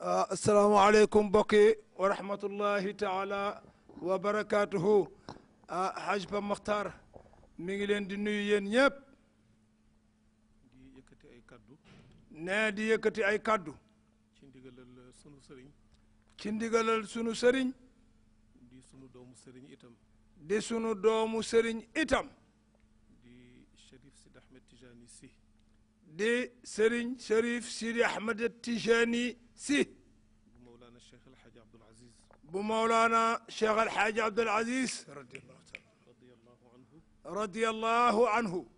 asalaamaaleykum ah, mbokk yi wa rahmatullahi taala wa barakaatuhu ah Haj ngi leen di nuyu yéen ñëpp di yëkkati ay kaddu nee di yëkkati ay kaddu ci ndigalal eh, sunu sëriñ ci ndigalal sunu sëriñ di sunu doomu sëriñ itam di sunu doomu sëriñ itam di Cherif Sidi Ahmed Tijani si di sëriñ Cherif Sidi Ahmed Tijani si bu Mawlana Cheikh El Hadj Abdoul Aziz radiyallahu anhu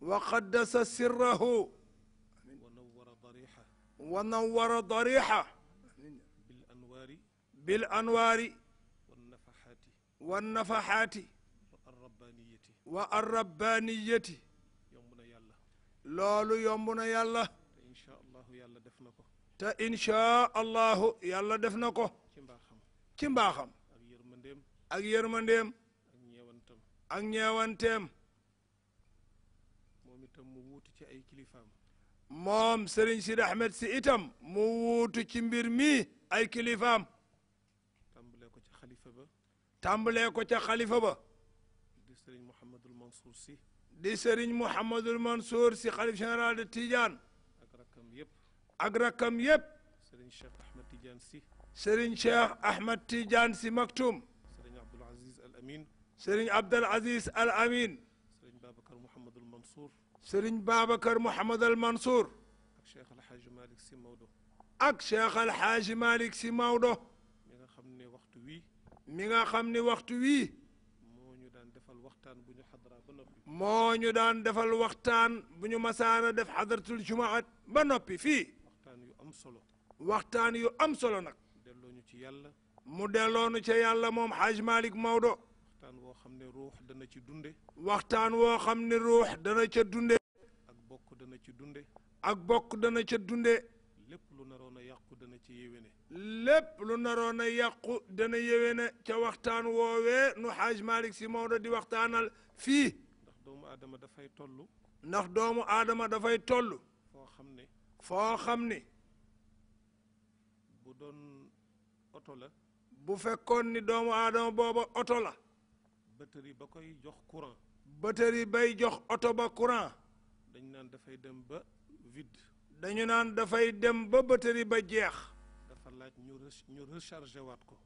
wa qaddasa sirrahu wa nawwara dariihahu bil anwaari wan nafahaati wa arrabbaaniyati loolu yomb na yàlla te inchaa allahu yàlla def na ko ci mbaaxam ak yërmandeem ak yërmandeem ak ñeewantam moom itam mu wuutu ci ay kilifaam moom sëriñ Sidi Ahmed si itam mu wuutu ci mbir mi ay kilifaam tàmbalee ko ca xalifa ba tàmbalee ko ca xalifa ba di sëriñ Mouhamadul Mansour si di sëriñ Mouhamadul Mansour si xalif général de ak rakkam yëpp sëriñ Cheikh Ahmed Tidiane si sëriñ Cheikh Ahmed Tidiane si Maktoum sëriñ Abdul Aziz Al Amin sëriñ Abdul Aziz Al Amin sëriñ Babacar Mouhamad Al Mansour sëriñ Babacar Mouhamad Al Mansour ak Cheikh Al Hadj Malick si Maodo ak Cheikh Al Hadj Malick si Maodo mi nga xam ne waxtu wii mi nga xam ne waxtu wii moo ñu daan defal waxtaan bu ñu xadra ba noppi moo ñu daan defal waxtaan bu ñu masaana def xadratul jumaat ba noppi fii solo waxtaan yu am solo nag delloo ci yàlla mu delloonu ca yàlla moom Haaj Malick Maodo waxtaan woo xam ne ruux dana ci dunde waxtaan woo xam ne ruux dana ca dunde ak bokk dana ci dunde ak bokk dana ca dunde lépp lu naroon a yàqu dana ci yéwéne lépp lu naroon a yàqu dana yéwéne ca waxtaan woowee nu Haaj Malick si Maodo di waxtaanal fii ndax doomu aadama dafay tollu ndax doomu aadama dafay toll foo xam ne foo xam ne doon oto la. bu fekkoon ni doomu aadama booba oto la. batterie ba koy jox courant. batterie bay jox oto ba courant. dañu naan dafay dem ba vide. dañu naan dafay dem ba batterie ba jeex. dafa laaj ñu ñu rechargé waat ko.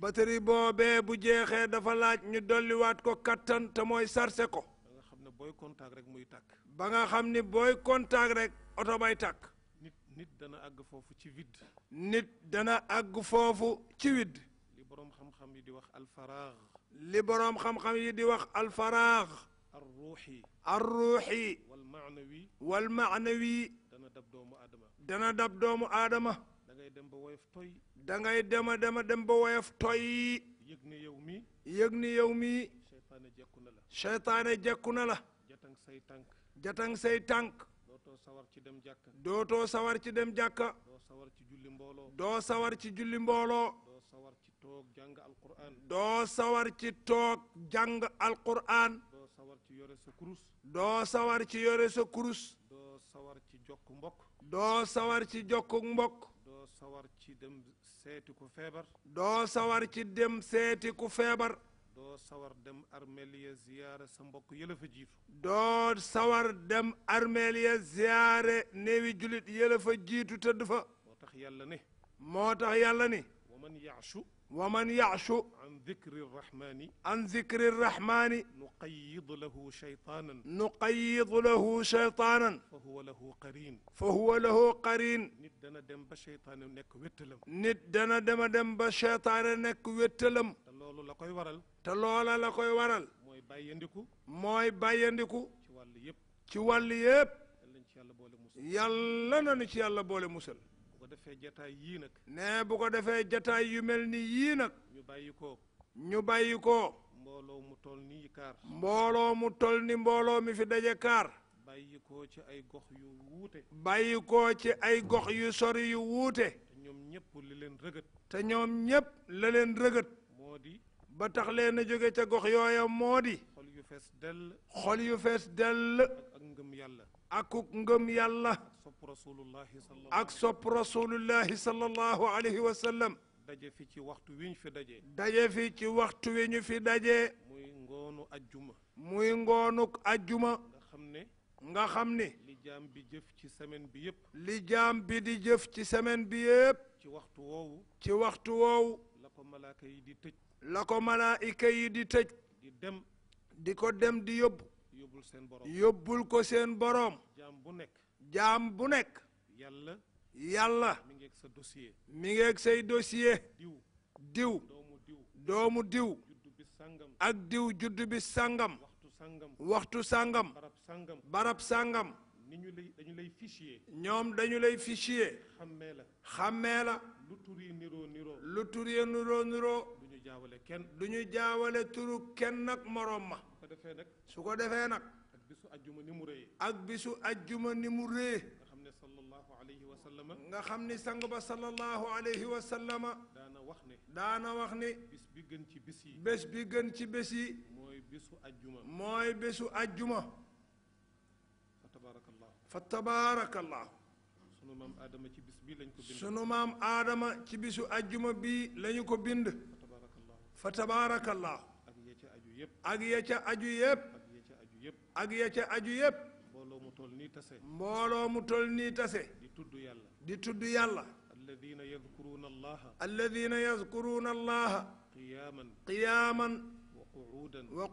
batterie boobee bu jeexee dafa laaj ñu dolliwaat ko kattan te mooy sarse ko. ba nga xam ne booy contact rek muy tàkk. ba nga xam ni booy contact rek oto bay tàkk. nit dana àgg foofu ci vide. nit dana àgg foofu ci vide. li boroom xam-xam yi di wax alfaraax. li boroom xam-xam yi di wax alfaraax. arruuxi. arruuxi. wal maanawi. wal maanawi. dana dab doomu aadama. dana dab doomu aadama. da ngay dem ba woyof toy. da ngay dem a dem dem ba woyof toy. yëg ni yow mi. yëg ni yow mi. jekku na la. seytaane jekku na la. jatang say tànk. jatang say tànk. sawar ci dem jàkka. dootoo sawar ci dem jàkka. doo sawar ci julli mbooloo. doo sawar ci julli mbooloo. doo sawar ci toog jàng Alqur'an. doo sawar ci jàng Alqur'an. doo sawar ci yore sa kurus. doo sawar ci yore sa kurus. doo sawar ci jokk mbokk. doo sawar ci jokk mbokk. doo sawar ci dem seeti ku feebar. doo dem seeti ku feebar. doo sawar dem armeel ya ziyaare sa mbokk yëla fa jiitu doo sawar dem armeel ya ziyaare néewi julit yëla jiitu tëdd fa moo tax yàlla ne moo tax yàlla ne wa man yaashu an dikri rahmaani an dikri rahmaani nuqayyid lahu shaytaanan nuqayyid lahu shaytaanan fa huwa lahu qariin fa huwa lahu qariin nit dana dem ba shaytaane nekk wéttalam nit dana dema dem ba shaytaane nekk wéttalam te loolu la koy waral te loola la koy waral mooy bàyyandiku mooy bàyyandiku ci wàll yëpp ci wàll yëpp yàlla na nu ci yàlla boole musal defee jataay yii nag. nee bu ko defee jataay yu mel ni yii nag. ñu bàyyi ko. ñu bàyyi ko. mbooloo mu toll nii mbooloo mu toll ni mbooloo mi fi daje kaar. bàyyi ko ci ay gox yu wuute. bàyyi ko ci ay gox yu sori yu wuute. te ñoom ñëpp li leen rëgët. te ñoom ñëpp la leen rëgët. moo di. ba tax leen jóge ca gox yooya moo di. xol yu fees dell. xol yu fees dell. ak ngëm yàlla. akuk ngëm yàlla sopp rasulullahi ak sopp rasulullahi sallallahu alayhi wa sallam daje fi ci waxtu wi ñu fi daje daje fi ci waxtu wi ñu fi daje muy ngoonu ajjuma muy ngoonuk ajjuma nga xam ne nga xam ne bi jëf ci semaine bi yëpp li jaam bi di jëf ci semaine bi yëpp ci waxtu woowu ci waxtu woowu la ko yi di tëj la ko malaayika yi di tëj di di ko dem di yóbbu yóbbul seen boroom yóbbul ko seen boroom jaam bu nekk jaam bu nekk yàlla yàlla mi ngi sa dossier mi ngi ak say dossier diw doomu diw doomu ak diw juddu bi sàngam waxtu sàngam waxtu sàngam barab sàngam barab sàngam dañu lay fichier ñoom dañu lay fichier xammee la xammee lu tur yi niroo niroo lu tur yi niroo du ñu jaawale kenn du jaawale turu kenn ak moroom ma defee nag. su ko defee nag. ak bisu ajjuma ni mu rëyee. ak bisu ajjuma ni nga xam ne sallallahu nga xam ni sang ba sallallahu alayhi wa daana wax ne. wax ne. bis bi gën ci bis yi. bés ci bés yi. mooy bisu ajjuma. fa tabaarakallahu. sunu maam Adama ci bis bi lañ ko bind. ci bisu ajjuma bii lañu ko bind. fa tabaarakallahu. yëpp ak ya ca aju yëpp ak ya ca aju yëpp mbooloo mu toll nii tase mbooloo mu toll nii tase di tudd yàlla di tudd yàlla alladina yadkuruuna allaha alladina yadkuruuna allaha qiyaaman qiyaaman wa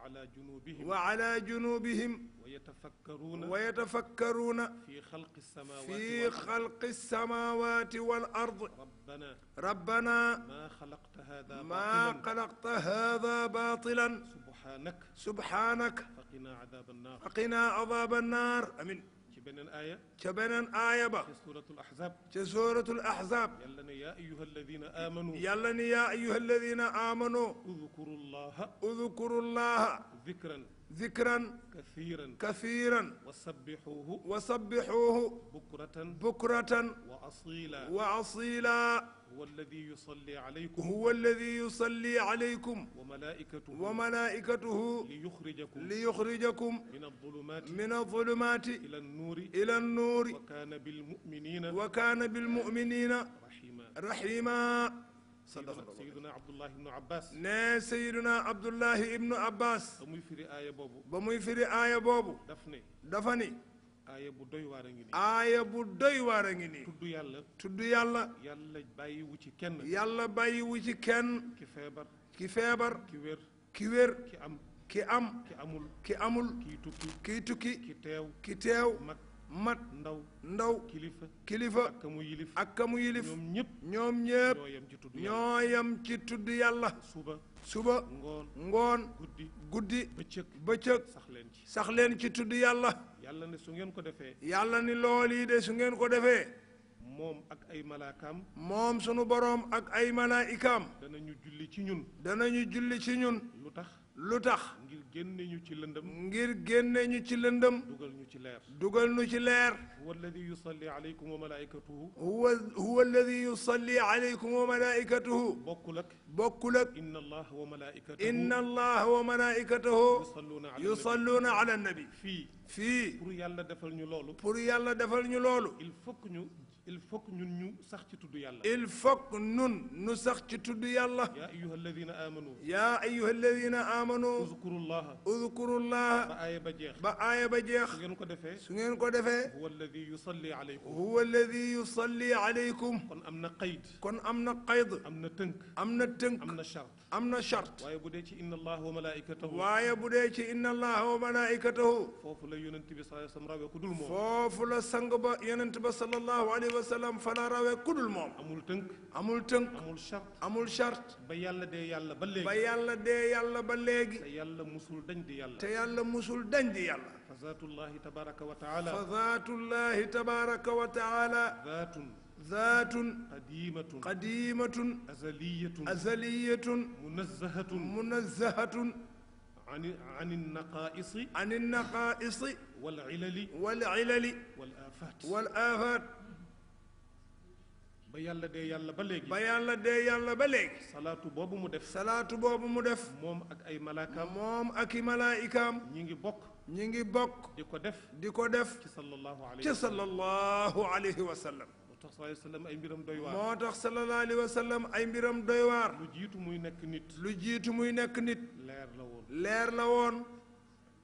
وعلى جنوبهم وعلى جنوبهم ويتفكرون ويتفكرون في خلق السماوات في خلق السماوات والأرض ربنا ربنا ما خلقت هذا ما باطلا خلقت هذا باطلا سبحانك سبحانك فقنا عذاب النار فقنا عذاب النار أمين ci beneen aaya ca beneen aaya ba ca suuratul ahzaab ca suuratul ahzaab yàlla ne yaa ayyuha alladina aamanu yàlla ne yaa ayyuha alladina aamanu udkuru llaha udkuru llaha zikran zikran kathiran kathiran wasabbihuhu wasabbihuhu bukratan bukratan wa asila wa asila هو الذي يصلي عليكم هو الذي يصلي عليكم وملائكته وملائكته ليخرجكم ليخرجكم من الظلمات من الظلمات إلى النور إلى النور وكان بالمؤمنين وكان بالمؤمنين رحيما رحيما Sayyidina Abdullahi Ibnu Abbas ne Sayyidina Abdullahi Ibnu Abbas ba muy firi aaya boobu ba muy firi aaya boobu daf ne dafa ni aaya bu doy waar a ngi nii. bu doy waar a ngi nii. tudd yàlla. tudd yàlla. yàlla bàyyiwu ci kenn. yàlla bàyyiwu ci kenn. ki feebar. ki feebar. ki wér. ki wér. ki am. ki am. ki amul. ki amul. kiy tukki. ki teew. ki teew. mat ndaw ndaw kilifa kilifa ak kamu yilif ak kamu yilif ñoom ñëpp ñoom ñëpp ñoo yam ci tudd yàlla suba suba ngoon ngoon guddi bëccëg bëccëg sax leen ci sax leen ci tudd yàlla yàlla ne su ngeen ko defee yàlla ni lool yi de su ngeen ko defee moom ak ay malaakam moom sunu boroom ak ay malaayikaam danañu julli ci ñun danañu julli ci ñun lu tax lu tax ngir génne ñu ci lëndëm ngir génne ñu ci lëndëm dugal ñu ci leer dugal ñu ci leer huwa alladi yusalli alaykum wa malaikatuhu huwa huwa alladi yusalli alaykum wa malaikatuhu bokkul ak bokkul ak inna allah wa malaikatahu inna allah wa malaikatahu yusalluuna ala nabi fii fii pour yàlla defal ñu loolu pour yàlla defal ñu loolu il faut que ñu il faut que ñun ñu sax ci tudd yàlla. il faut que ñun ñu sax ci tudd yàlla. yaa ayyuha alladina amanu. yaa ayyuha alladina amanu. uzkurullaha. uzkurullaha. ba aaya ba jeex. ba aaya ba jeex. su ngeen ko defee. su ngeen ko defee. huwa alladi yusalli alaykum. huwa alladi yusalli alaykum. kon am na qayd. kon am na qayd. am na tënk. am na tënk. am na chart. am na chart. waaye bu dee ci inna allaha wa malaikatahu. waaye bu dee ci inna allaha wa malaikatahu. foofu la yonent bi sallallahu alayhi wa sallam rawee ku dul moom. foofu la sang ba yonent ba sallallahu alayhi alayhi wa sallam fala rawee kudul moom. amul tënk amul tënk. amul charte amul charte. ba yàlla dee yàlla ba léegi. ba yàlla dee yàlla ba léegi. te yàlla musul dañ di yàlla. te yàlla musul dañ di yàlla. fa zaatullahi tabaaraka wa taala. fa zaatullahi tabaaraka wa taala. zaatun. zaatun. qadiimatun. qadiimatun. azaliyatun. azaliyatun. munazzahatun. munazzahatun. ani ani naqaa'isi. ani naqaa'isi. wal cilali. wal cilali. wal aafaat. wal aafaat. ba yàlla dee yàlla ba léegi. ba yàlla dee yàlla ba léegi. salaatu boobu mu def. salaatu boobu mu def. moom ak ay malaakaam. moom ak i malaayikaam. ñi ngi bokk. ñi ngi bokk. di ko def. di ko def. ci sallallahu alayhi wa sallam ci sallallahu moo tax sallallahu ay mbiram doy waar. moo tax sallallahu alayhi wa sallam ay mbiram doy lu jiitu muy nekk nit. lu jiitu muy nekk nit. leer la woon leer la woon.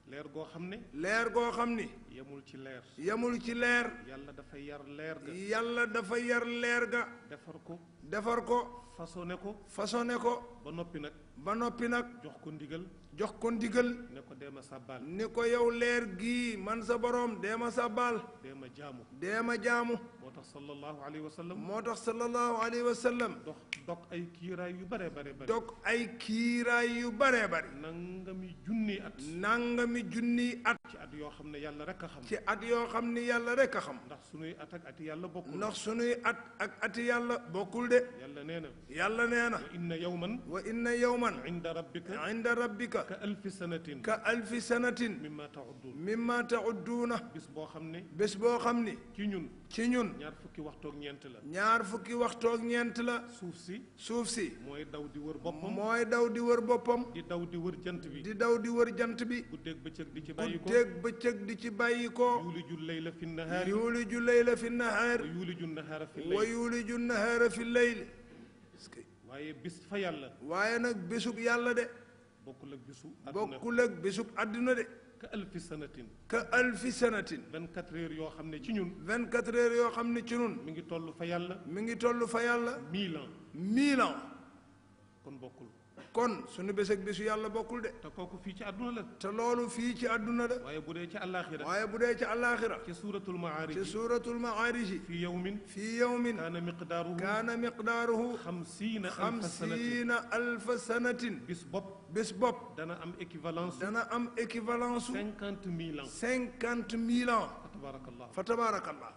leer goo xam ne. leer goo xam ne yamul ci leer. yemul ci leer. yàlla dafa yar leer ga. yàlla dafa yar leer ga. defar ko. defar ko. façonné ko. façonné ko. ba noppi nag. ba noppi nag. jox ko ndigal. jox ko ndigal. ne ko deema sàbbaal. ne ko yow leer gii man sa boroom deema sàbbaal. deema jaamu. deema jaamu. moo tax sallallahu alayhi wa sallam. moo tax sallallahu alayhi wa sallam. dox toog ay kiiraay yu bare bare bare toog ay kiiraay yu bare bare nangami junni at nangami junni at ci at yoo xam ne yàlla rek xam. ci at yoo xam ni yàlla rek a xam. ndax sunuy at yàlla bokkul. ndax sunuy at ak ati yàlla bokkul de. yàlla nee na. yàlla nee na. wa inna yawman. wa inna yawman. inda rabbika. inda rabbika. ka alfi sanatin. ka alfi sanatin. mimma taudduun. mimma taudduuna. bés boo xam ne. bés boo xam ni. ci ñun. ci ñun. ñaar fukki waxtoog ñeent la. ñaar fukki waxtoog ñeent la. suuf si. suuf si. mooy daw di wër boppam. mooy daw di wër boppam. di daw di wër jant bi. di daw di wër jant bi. guddeeg bëccëg di ci bàyyi ko. yéeg bëccëg di ci bàyyi ko yuuliju layla fi nahaar yuuliju layla fi nahaar wa yuuliju nahaara fi layl waaye bis fa yàlla waaye nag bésub yàlla de bokkul ak bésu bokkul ak bésub àdduna de ka alfi sanatin ka alfi sanatin vingt quatre yoo xam ne ci ñun vingt quatre heures yoo xam ne ci ñun mi ngi toll fa yàlla mi ngi toll fa yàlla mille kon bokkul kon suñu bés ak bésu yàlla bokkul de. te kooku fii ci àdduna la. te loolu fii ci àdduna la. waaye bu dee ci àllaaxira. waaye bu dee ci àllaaxira. ci suuratul maarij. ci suuratul maarij. fii yawmin. fii yawmin. kaana miqdaaruhu. kaana miqdaaruhu. xamsiina alfa sanatin xamsiina alfa sanatin. bis bopp. bis bopp. dana am équivalence. dana am équivalence. cinquante mille ans. cinquante mille ans. fa tabaarakallah fa tabaarakallah.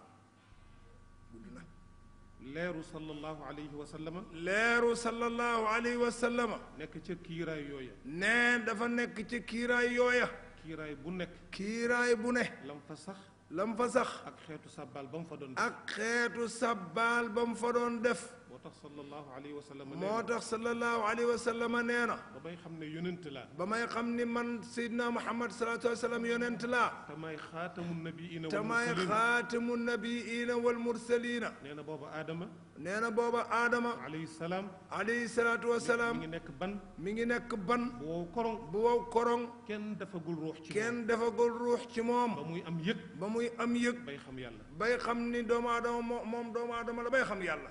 leeru sallallahu alayhi wa sallama. leeru sallallahu alayhi wa sallama. nekk ci kiiraay yooya. nee dafa nekk ci kiiraay yooya. kiiraay bu nekk. kiiraay bu ne. lam fa sax. lam fa sax. ak xeetu sabbaal ba mu fa doon def. ak xeetu sabbaal ba mu fa doon def. tax sallallahu alayhi wa sallam moo tax sallallahu alayhi wa sallam nee na. ba may xam ne yonent laa. ba may xam ni man Seydina Muhammad sallallahu alayhi wa sallam yonent laa. tamaay xaatamu nabiina wal mursalina tamaay xaatamu nabiina wal mursalina. nee na booba Adama. nee na booba Adama. alayhi salaam. alayhi salaatu wa salaam. mi ngi nekk ban. mi ngi nekk ban. bu wow korong. bu wow korong. kenn defagul ruux ci moom. kenn defagul ruux ci moom. ba muy am yëg. ba muy am yëg. bay xam yàlla. bay xam ni doomu aadama moom doomu aadama la bay xam yàlla.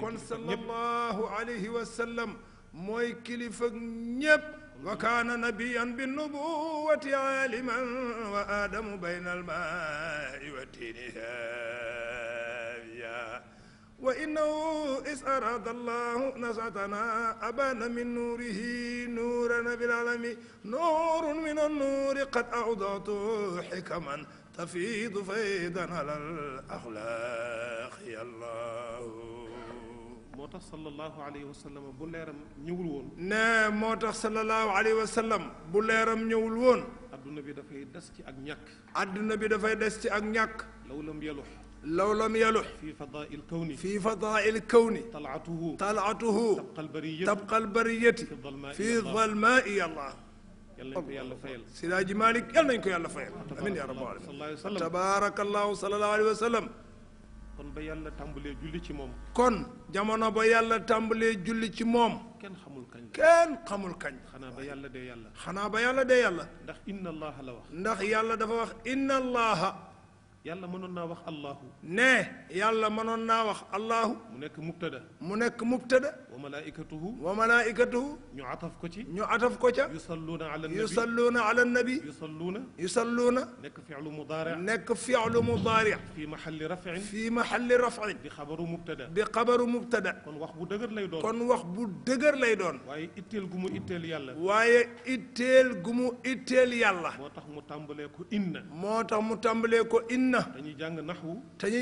kon sallallahu alayhi wa sallam mooy kilifa ñépp wa kaana nabiyan bi nubuwati aliman wa aadamu bayna almaai wa tiiniha wa innahu is arada allahu nasatana abana min nuurihi nuuran bil alami nuurun min annuuri qad awdatu xikaman tafiidu faydan alal axlaaqi allahu moo tax sallallahu alayhi wa sallam bu leeram ñëwul woon ne moo tax sallallahu alayhi wa sallam bu leeram ñëwul woon adduna bi dafay des ci ak ñàkk adduna bi dafay des ci ak ñàkk law lam yalux law lam yalux fi fadaa'il kawni fi fadaa'il kawni tal'atuhu tal'atuhu tabqal bariyati tabqal bariyati fi dalmaa'i yàlla yal nañ ko yàlla fayal Sidaaji Malick yal nañ ko yàlla fayal amiin yaa rabbal aalamiin tabaarakallahu sallallahu alayhi wa sallam kon ba yàlla tàmbalee julli ci moom kon jamono ba yàlla tàmbalee julli ci moom kenn xamul kañ kenn xamul kañ xanaa ba yàlla dee yàlla xanaa ba yàlla dee yàlla ndax inna allaha la wax ndax yàlla dafa wax inna allaha yàlla mënoon naa wax allahu. ne yàlla mënoon naa wax allahu. mu nekk mubtada. mu nekk mubtada. wa malaikatuhu wa malaikatuhu ñu ataf ko ci ñu ataf ko ca yusalluuna ala nabi yusalluuna ala nabi yusalluuna yusalluuna nekk fi'lu mudaari nekk fi'lu mudaari fii mahalli rafin fii mahalli rafin di xabaru mubtada di xabaru mubtada kon wax bu dëgër lay doon kon wax bu dëgër lay doon waaye itteel gu mu itteel yàlla waaye itteel gu mu itteel yàlla moo tax mu tàmbalee ko inna moo tax mu tàmbalee ko inna dañuy jàng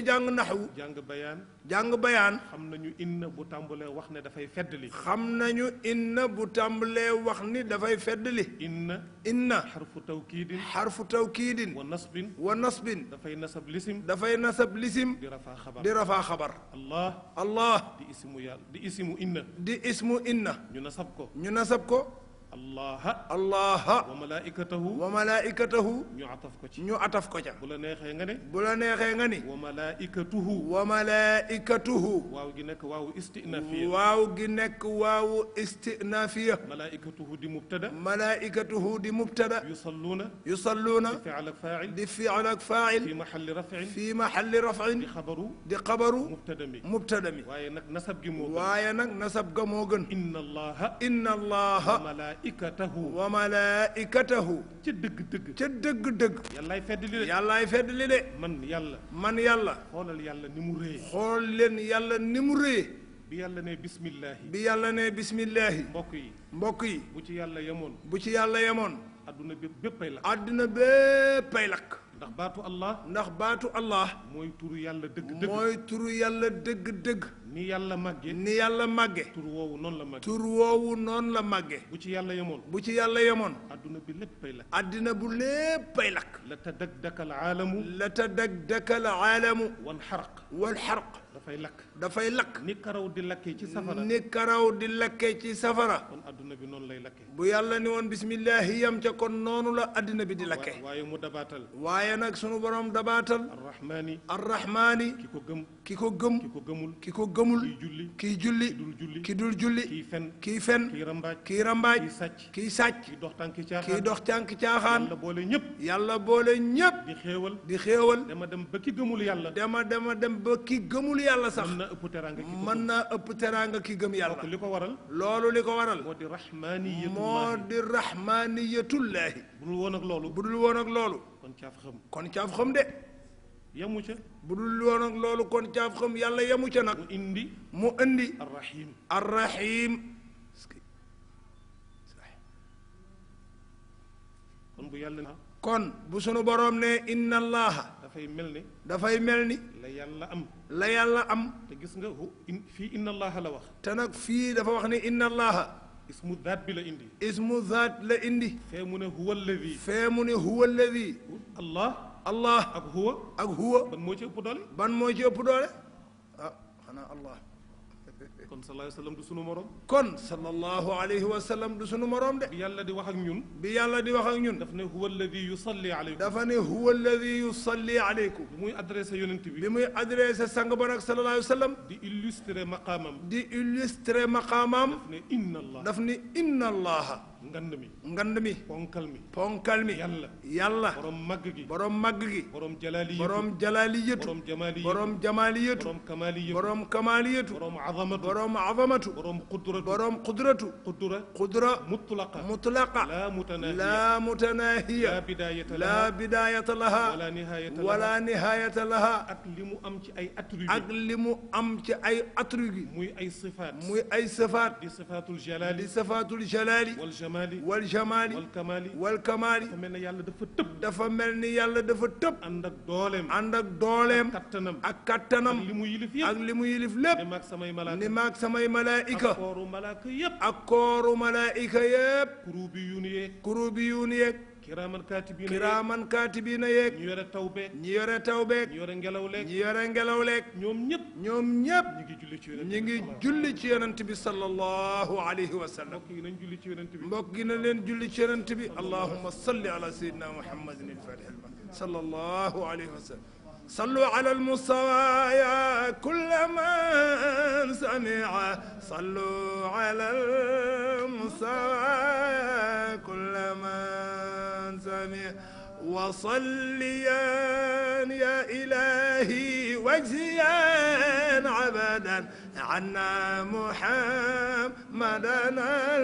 jàng naxwu jàng bayaan jàng bayaan xam nañu inna bu tàmbalee wax ne dafay dafay feddali. xam nañu inna bu tàmbalee wax ni dafay feddali. inna. inna. xarfu tawkiidin. xarfu tawkiidin. wa nasbin. wa nasbin. dafay nasab lisim. dafay nasab lisim. di rafaa xabar di rafaa xabar. allah. allah. di ismu yàlla di ismu inna. ñu nasab ko. ñu nasab ko. allah allah wa malaikatahu wa malaikatahu ñu ataf ko ci ñu ataf ko ca bu la neexee nga ne bu la neexee nga ne wa malaikatuhu wa malaikatuhu waaw gi nekk waaw istinafiya waaw gi nekk waaw istinafiya malaikatuhu di mubtada malaikatuhu di mubtada yusalluuna yusalluuna di fi'l ak fa'il di fi'l ak fa'il fi mahalli raf'in fi mahalli raf'in di xabaru di xabaru mubtada mi mubtada mi waaye nag nasab gi moo gën waaye nag nasab ga moo gën inna allah inna allah malaikatahu wa malaikatahu ca dëgg-dëgg dëgg-dëgg yàllaay fedd li de yàllaay fedd li de man yàlla man yàlla xoolal yàlla ni mu xool leen yàlla ni mu réyee bi yàlla ne bismillahi bi yàlla ne bismillahi mbokk yi mbokk yi bu ci yàlla yemoon bu ci yàlla yemoon adduna bépp béppay lakk adduna béppay lakk ndax baatu allah ndax baatu allah mooy turu yàlla dëgg-dëgg dëgg-dëgg ni yàlla màgge ni yàlla màgge tur woowu noonu la màgge tur woowu noonu la màgge bu ci yàlla yemoon bu ci yàlla yemoon adduna bi léppay lakk addina bu léppay lak la tadagdaka al aalamu la tadagdaka al aalamu wal xarq wal xarq dafay lakk dafay lakk. ni karaw di lakkee ci safara. ni karaw di lakkee ci safara. kon adduna bi noonu lay lakkee. bu yàlla ni woon bismillahi yam ca kon noonu la adduna bi di lakke waaye mu dabaatal. waaye nag sunu borom dabaatal. arrahmaani. arrahmaani. ki ko gëm. ki ko gëm. ki gëmul. ki ko gëmul. kiy julli. ki dul julli. ki dul julli. kiy fen. kiy fen. kiy rambaaj. kiy rambaaj. kiy sàcc. kiy dox tànki caaxaan. kiy dox tànki caaxaan. yàlla boole ñëpp. yàlla boole ñëpp. di xéewal. di xéewal. dama dem ba gëmul yàlla. dama dem ba gëmul yàlla sax mën naa ëpp teraanga ki mën naa ëpp teraanga ki gëm yàlla li ko waral loolu li ko waral moo di rahmaaniyatu moo di rahmaaniyatullaahi bu dul woon ak loolu bu dul woon ak loolu kon caaf xam kon caaf xam de yamu ca bu dul woon ak loolu kon caaf xam yàlla yamu ca nag mu indi mu indi arrahim kon bu yàlla kon bu inna allaha dafay mel ni. dafay mel ni. la yàlla am. la yàlla am. te gis nga fii inna allaha la wax. te nag fii dafa wax ni inna allaha. ismu zaat bi la indi. ismu zaat la indi. fee mu ne huwa alladi. fee mu allah. ak huwa. ak huwa. ban moo ëpp doole. ban moo ci ëpp doole ah xanaa allah. kon sallallahu alayhi wa sallam du sunu morom. kon sallallahu alayhi wa sallam du sunu morom de. bi yàlla di wax ak ñun. bi yàlla di wax ak ñun. daf ne huwa alladi yusalli alaykum. dafa ne huwa alladi yusalli alaykum. bi muy adressé yonent bi. bi muy adressé sang ba nag sallallahu alayhi wa sallam. di illustrer maqaamam. di illustrer maqaamam. daf ne inna allah. daf ne inna allah. ngand mi ngand mi ponkal mi ponkal mi yàlla yàlla borom màgg gi borom màgg gi borom jalaali yëtu borom jalaali yëtu borom jamaali yëtu borom jamaali yëtu borom kamaali yëtu borom kamaali yëtu borom azamatu borom azamatu borom qudratu borom qudratu qudra qudra mutlaqa mutlaqa laa mutanahiya laa mutanahiya laa bidayata laha laa bidayata laha wala nihayata wala nihayata laha ak li mu am ci ay attribut ak li mu am ci ay attribut muy ay sifaat muy ay sifaat di sifaatul jalaali di sifaatul jalaali wal jamaal jamali wal jamali wal kamali wal kamali dafa mel ni yàlla dafa tëb dafa mel ni yàlla dafa tëb ànd ak dooleem ànd ak dooleem kattanam ak kattanam ak li mu yilif yëpp ak li mu yilif lépp ni maag samay malaayika ni maag ak kooru malaayika yëpp ak kuru bi yuun yeeg kuru bi yuun yeeg kiraaman kaatibiina kiraaman kaatibiina yeeg ñi yore taw beeg ñi yore taw beeg ñi ngelaw leeg ñi yore ngelaw leek ñoom ñëpp ñoom ñëpp ñi ngi julli ci yonent ñi ngi julli ci sallallahu alayhi wa sallam mbokk yi nañ julli ci yonent bi mbokk yi leen julli ci bi allahumma salli ala sayyidina muhammadin صلوا على المصطفى يا كل من سمع صلوا على المصطفى يا كل من سمع وصليا يا إلهي واجزيا عبدا عنا محمدا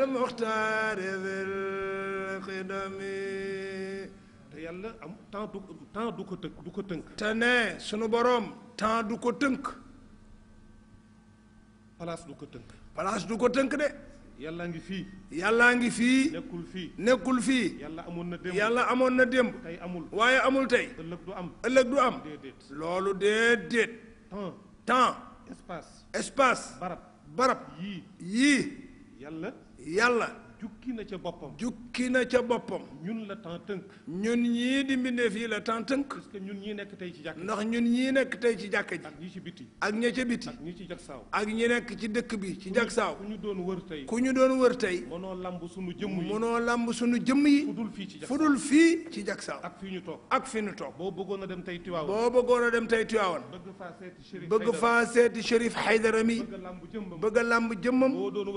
المختار ذي القدمين yàlla am temps du ko tënk du ko tënk. te sunu boroom temps du ko tënk. place du ko tënk. place du ko tënk de. yàlla ngi fii. yàllaa ngi fii. nekkul fii. nekkul fii. yàlla amoon na démb. yàlla amoon na démb. tey amul. waaye amul tey. ëllëg du am. ëllëg du am. loolu déedéet. temps. temps. espace. barab barab. yii yii. yàlla. yàlla. jukki na ca boppam. jukki na ca boppam. ñun la temps tënk. ñun ñii di mbindeef yi la temps tënk. ci jàkka ndax ñun ñii nekk tey ci jàkka ji. ak ñi ci biti. ak ña ca biti. ak ñi ci jagsaaw. ak ci dëkk bi ci jagsaaw. ku ñu doon wër tey. ku ñu doon wër tey. mënoo lamb sunu jëmm yi mënoo lamb sunu jëmm yi. fudul fii ci jagsaaw fudul fii ci jagsaaw. ak fii ñu toog ak fii ñu toog. boo bëggoon a dem tey Tiwaawan. a dem tey Tiwaawan. bëgg faa seeti Chérif Haydara mi bëgg lamb jëmmam boo doon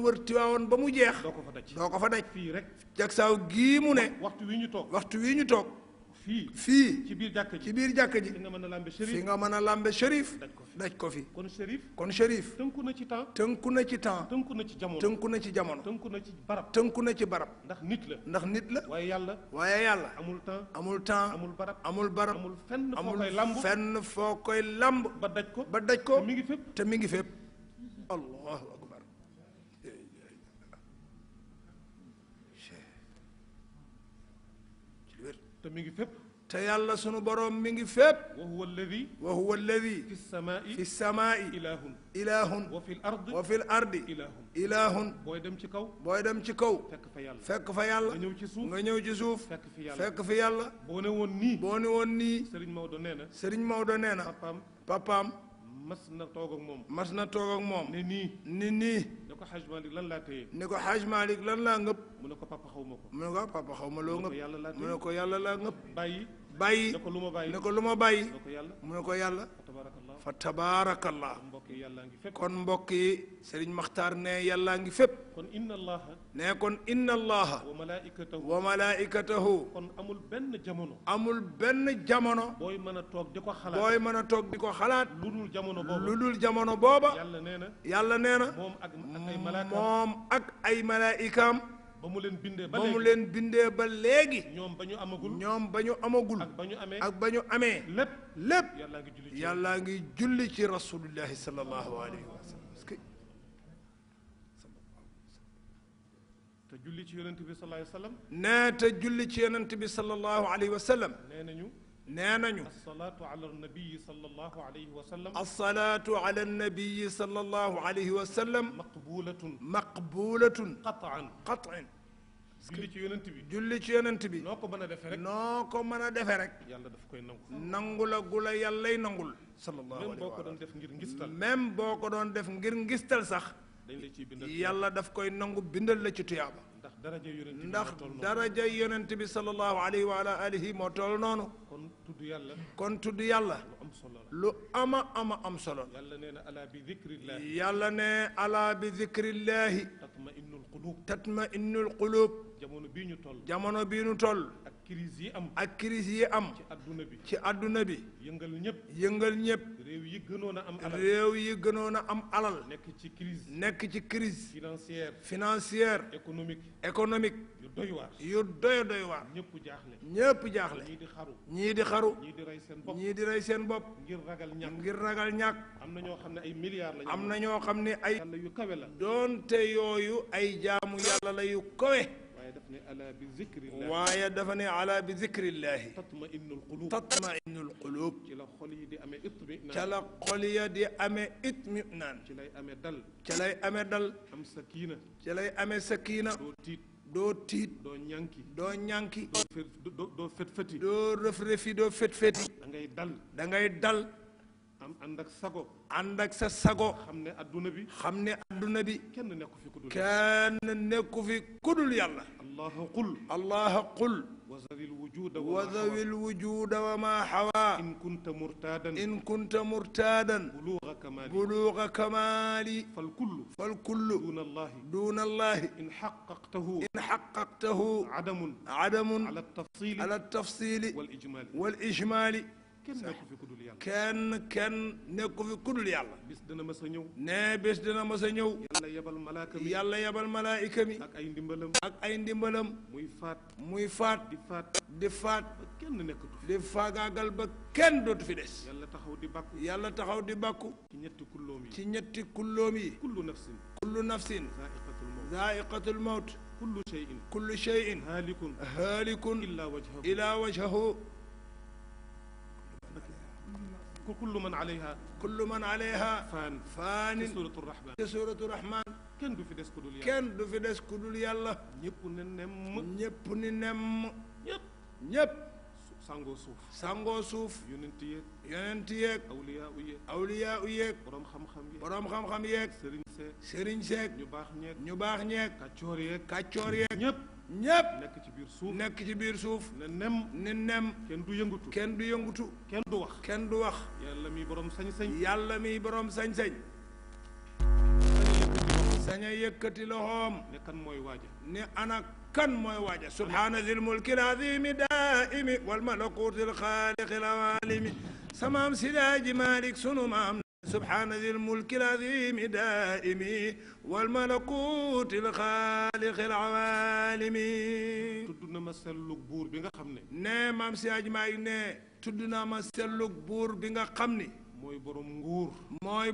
wër Tiwaawan ba mu jeex. doo ko fa daj doo ko fa daj. fii rek jagsaaw gii mu ne. waxtu wi ñu toog waxtu wi ñu toog. fii fii ci biir jàkka ji ci biir jàkka ji fi nga mën a lambe shérif fi nga mën a lambe shérif daj ko fi daj ko fi kon shérif kon shérif tënku na ci temps tënku na ci temps tënku na ci jamono tënku na ci jamono tënku na ci barab tënku na ci barab ndax nit la ndax nit la waaye yàlla waaye yàlla amul temps amul temps amul barab amul barab amul fenn amul fenn foo koy làmb ba daj ko ba daj ko te mi ngi fépp te mi ngi fépp allah te mi ngi fépp. te yàlla sunu borom mi ngi fépp. wa huwa alladi. wa huwa alladi. fi samaai. fi samaai. ilaahun. ilaahun. wa fil ardi. ilaahun. booy dem ci kaw. booy dem ci kaw. fekk fa yàlla. fekk fa yàlla. nga ñëw ci suuf. nga ñëw ci suuf. fekk fi yàlla. fekk fi yàlla. boo ne woon nii. boo ne woon nii. Serigne Maodo nee na. Serigne Maodo nee na. papaam. mas na toog ak moom. mas na toog ak moom. ni nii. ni nii. ne ko Haj Malick lan laa téye. ne ko Haj Malick lan laa ngëpp. mu ko papa xaw ma ko. mu ne ko papa xaw ma loo ngëpp. mu ne ko yàlla laa ngëpp. bàyyi. bàyyi ne ko lu ma bàyyi mu ne ko yàlla fa tabaarakallah kon mbokk yi Serigne Makhtar ne yàllaa ngi fépp ne kon inna allaha wa malaikatahu kon amul benn jamono amul benn jamono booy mën a toog di ko xalaat mën a toog di ko xalaat lu dul jamono booba lu dul jamono booba yàlla nee na moom ak ay malaikaam ba mu leen bindee ba mu leen bindee ba léegi. ñoom ba ñu amagul ñoom ba ñu amagul. ak ba ñu amee ak ba ñu amee. lépp lépp yàllaa ngi julli ci rasulillahi sallallahu alayhi wa sallam. te julli ci yonent bi sallallahu alayhi wa sallam. nee te julli ci yonent bi sallallahu alayhi wa sallam. nee nañu. nee nañu asalaatu ala nabii sallallahu alayhi wa sallam asalaatu ala nabii sallallahu alayhi wa sallam maqbulatun maqbulatun qataan qataan julli ci yonent bi julli ci yonent bi noo ko mën a defee rek noo ko mën a defee rek yàlla daf koy nangu nangu la gu la yàllay nangul sallallahu alayhi boo ko doon def ngir ngistal même boo ko doon def ngir ngistal sax dañ la ciy bindal yàlla daf koy nangu bindal la ci tuyaaba daraja yonent bi ndax daraja yonent bi sallallahu alayhi wa alihi moo toll noonu. kon tudd yàlla. kon tudd yàlla. lu am solo lu ama ama am solo. yàlla nee na ala bi zikrillahi. yàlla nee ala bi zikrillahi. tatma innul qulub. tatma innul qulub. jamono bii ñu toll. jamono bii ñu toll. crise yi am ak crise yi am ci adduna bi ci adduna bi yëngal ñëpp yëngal ñëpp réew yi gënoon a am alal réew gënoon a am alal nekk ci crise nekk ci crise financière financière économique économique yu doy waar yu doy doy waar ñëpp jaaxle ñëpp jaaxle ñii di xaru ñii di xaru ñii di rey seen bopp ñii di rey seen bopp ngir ragal ñàkk ngir ragal ñàkk am na ñoo xam ne ay milliards la am na ñoo xam ne ay yu kawe la doonte yooyu ay jaamu yàlla la yu kawe waaye daf ne ala bi zikrillah waaye dafa ne ala bi zikrillahi tatma innul qulub la xol di amee itmi naan ca la xol ya di amee itmi naan ci lay amee dal ca lay amee dal doo tiit doo tiit doo ñànki doo ñànki doo fet feti dal am ànd ak sago. ànd ak sa sago. xam ne adduna bi. xam ne adduna bi. kenn nekku fi kudul yàlla. kenn nekku fi kudul yàlla. allaha qul. allaha qul. wazawil wujuda wa ma xawa. in kunta murtaadan. in kunta murtaadan. buluuqa kamaali. buluuqa kamaali. fal kullu. fal kullu. duunallahi. duunallahi. in xaqaqtahu. in xaqaqtahu. cadamun. cadamun. ala tafsili. ala tafsili. wal ijmaali. wal ijmaali. kenn nekku fi ku dul yàlla kenn nekku fi ku yàlla. bis dana mës a ñëw. nee bis dana mës a ñëw. yàlla yebal malaaka mi yàlla yebal malaayika mi. ak ay ndimbalam. ak ay ndimbalam. muy faat. muy faat. di faat di faat. ba kenn nekkatu fi. di ba kenn dootu fi des. yàlla taxaw di bàkku. yàlla taxaw di bàkku. ci ñetti kulloom yi. ci ñetti kulloom nafsin. kullu nafsin. zaa'iqatul mawt. kullu shay'in. kullu shay'in. haalikun. haalikun. illaa wajhahu. illaa wajhahu. kullu man alayha kullu man alayha faan faanin ci suuratu rahmaan ci suuratu kenn du fi des ku dul yàlla kenn du fi des ku dul yàlla ñëpp ni nemm ñëpp ni nemm ñëpp ñëpp sangoo suuf sangoo suuf yonent yeeg yonent yeeg awliyaa u awliyaa u borom xam-xam yeeg borom xam ñu baax ñeeg ñu baax ñeeg kàccoor yeeg kàccoor yeeg ñëpp nekk ci biir suuf nekk ci biir suuf ne nem ne nem kenn du yëngutu kenn du wax kenn du wax yàlla mi borom sañ-sañ yàlla mi borom sañ-sañ sañ a yëkkati loxoom ne kan mooy waaja ne ana kan mooy waaja subhaana zil mulki lazimi daaimi wal malakuutil xaaliqil awaalimi samaam sidaaji malik sunu maam سبحان ذي الملك العظيم دائم والملكوت الخالق العوالم tudd na ma sellug buur bi nga xam ne ne maam si ajmaay ne tudd naa ma sellug buur bi nga xam ni mooy borom nguur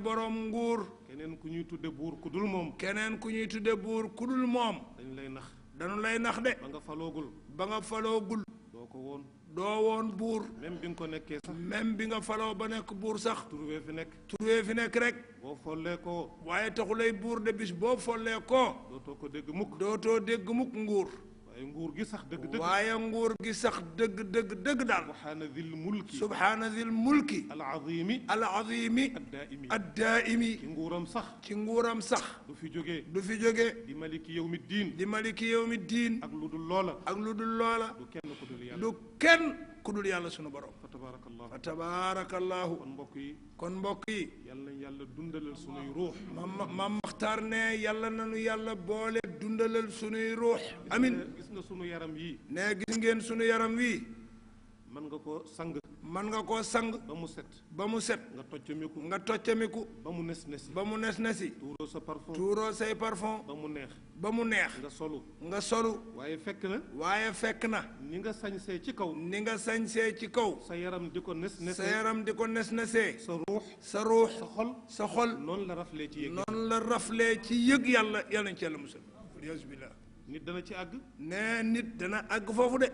borom nguur keneen ku ñuy tudde buur ku dul moom keneen ku ñuy tudde buur ku moom dañu lay nax dañu lay nax de ba nga faloogul ba nga faloogul woon doo woon buur. même bi nga ko nekkee sax. même bi nga faloo ba nekk buur sax. turwee fi nekk. turwee fi nekk rek. boo follee koo. waaye taxulay buur de bis boo follee ko dootoo ko dégg mukk. dootoo dégg mukk nguur. waaye nguur gi sax dëgg dëgg. waaye nguur gi sax dëgg dëgg dëgg daal. subhaana zil mulki. subhaana zil mulki. al azimi. al azimi. addaimi addaimi. ci nguuram sax. ci nguuram sax. du fi jógee. du fi jógee. di maliki yawmi diin. di maliki yawmi diin. ak lu dul loola. ak lu dul loola. du kenn ku dul yàlla. du kenn ku dul yàlla sunu borom. tabaarakallahu fa tabaarakallahu kon mbokk yi kon mbokk yi yal na yàlla dundalal sunuy ruux mam mam maxtaar ne yàlla nanu yàlla boole dundalal sunuy ruux amin gis nga sunu yaram yi ne gis ngeen sunu yaram wi man nga koo sang man nga koo sang ba mu set ba mu set nga toccamiku nga toccamiku ba mu nes nesi ba mu nes nesi tuuroo sa parfum tuuroo say parfum ba mu neex ba mu neex nga solu nga solu waaye fekk na waaye fekk na ni nga sañ sañsee ci kaw ni nga sañ see ci kaw sa yaram di ko nes nesee sa yaram di ko nes nesee sa ruux sa ruux sa xol sa xol noonu la raflee ci yëg noonu la raflee ci yëg yàlla yàlla ci yàlla musal billah nit dana ci àgg ne nit dana àgg foofu de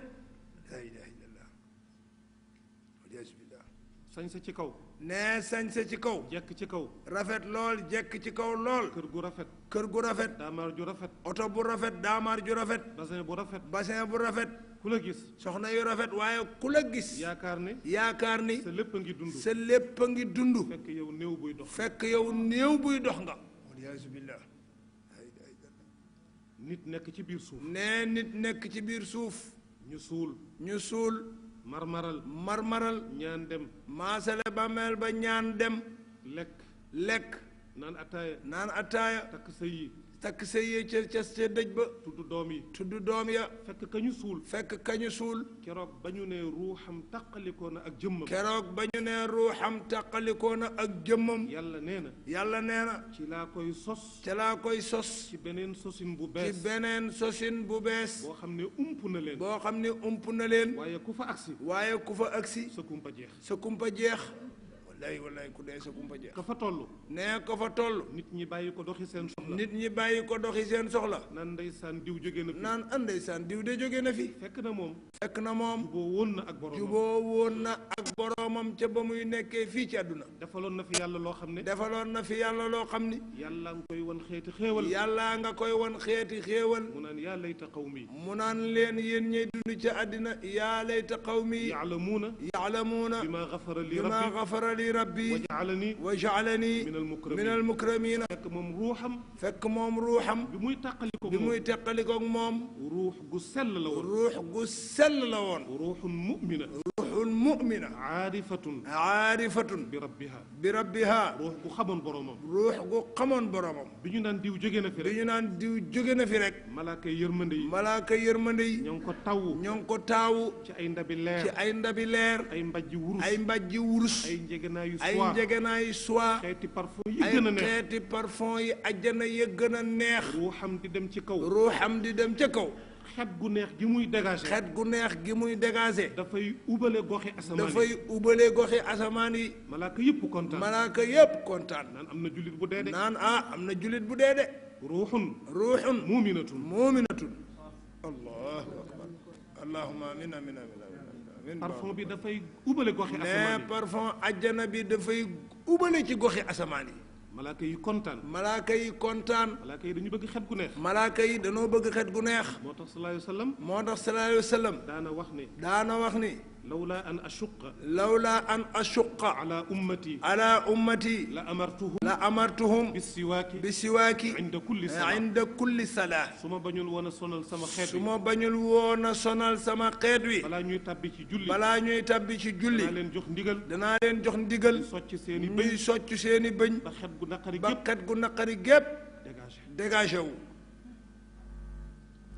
sañse ci kaw. nee sañse ci kaw. jekk ci kaw. rafet lool jekk ci kaw lool. kër gu rafet. kër gu rafet. daamaar ju rafet. oto bu rafet daamaar ju rafet. bassin bu rafet. basin bu rafet. ku la gis. soxna yu rafet waaye ku la gis. yaakaar ni. yaakaar ni. sa lépp a ngi dund. sa lépp ngi dund. fekk yow néew buy dox. fekk yow néew buy dox nga. waliyaasu billaah. nit nekk ci biir suuf. nee nit nekk ci biir suuf. ñu suul. ñu suul. mar maral ñaan dem maasale ba ba ñaan dem lekk lekk naan ataaya naan ataaya takk sëy takk sëy yee ca ca dëj ba tudd doom yi tudd doom ya fekk ka ñu suul fekk ka suul keroog ba ñu ne ruuxam taqalikoo na ak jëmmam keroog ba ñu ne ruuxam taqalikoo ak jëmmam yàlla nee na yàlla nee na ci laa koy sos ci laa koy sos ci beneen sosin bu bees ci beneen sosin bu bees boo xam ne ump na leen boo xam ne ump na leen waaye ku fa agsi waaye ku fa agsi sa kumpa jeex sa kumpa jeex billaay wallaay ku dee sa kumpa jeex. ka fa toll. nee ko fa toll. nit ñi bàyyi ko doxi seen soxla. nit ñi bàyyi ko doxi seen soxla. naan ndeysaan diw jóge na fi. naan an ah, ndeysaan diw de jóge na fi. fekk na moom. fekk na moom. juboo woon na ak boromam juboo woon na ak boromam ca ba muy nekkee fii ci àdduna. defaloon na fi yàlla loo xam ne. defaloon na fi yàlla loo xam ni. yàlla nga koy wan xeeti xéewal. yàlla nga koy wan xeeti xéewal. mu naan yaa layta qawmi. mu naan leen yéen ñay dund ca àddina yaa layta qawmi. ya'lamuuna. ya'lamuuna. bima ghafara li rabbi rabbi wajaalani wajaalani min almukramina fekk moom ruuxam fekk moom ruuxam bi muy tàqaliko bi muy tàqaliko moom ruux gu sell la woon ruux gu sell la woon ruuxun mumina ruuxun mumina aarifatun aarifatun bi rabbiha bi xamoon boromam ruux gu xamoon boromam bi ñu naan diw jóge na fi rek bi ñu naan diw jóge na fi rek malaaka yërmande yi malaaka yërmande yi ñoo ngi ko tawu ñoo ngi taawu ci ay ndabi leer ci ay ndabi leer ay mbajji wurus njegenaayu soie ay njegenaayu soie xeeti parfum yi a neex ay xeeti parfum yi ajjana ya gën a neex. ruuxam di dem ci kaw. ruuxam di dem ca kaw. xet gu neex gi muy dégager. xet gu neex gi muy dafay ubale goxi asamaan yi asamaan yi. malaaka yëpp kontaan malaaka yëpp kontaan. naan am na jullit bu dee de. naan ah am na jullit bu dee de. ruuxun. ruuxun muuminatun muuminatun. parfum bi dafay ubale goxi asamaan yi parfum ajjana bi dafay ubale ci goxi asamaan yi malaaka yi kontaan malaaka yi kontaan malaaka yi dañu bëgg xet gu neex malaaka yi dañoo bëgg xet gu neex moo tax sallallahu alayhi moo tax sallallahu alayhi daana wax ni daana wax ni lawla an ashuqa lawla an ashuqa ala ummati ala ummati la amartuhum la amartuhum bisiwaaki bisiwaaki inda kulli salaa inda kulli salaa su ma bañul woon a sonal sama xeet su ma bañul woon a sonal sama xeet wi balaa ñuy tabbi ci julli balaa ñuy tabbi ci leen jox ndigal danaa leen jox ndigal socc seeni bëñ socc seeni bëñ ba xet gu naqari gépp ba xet gu naqari gépp wu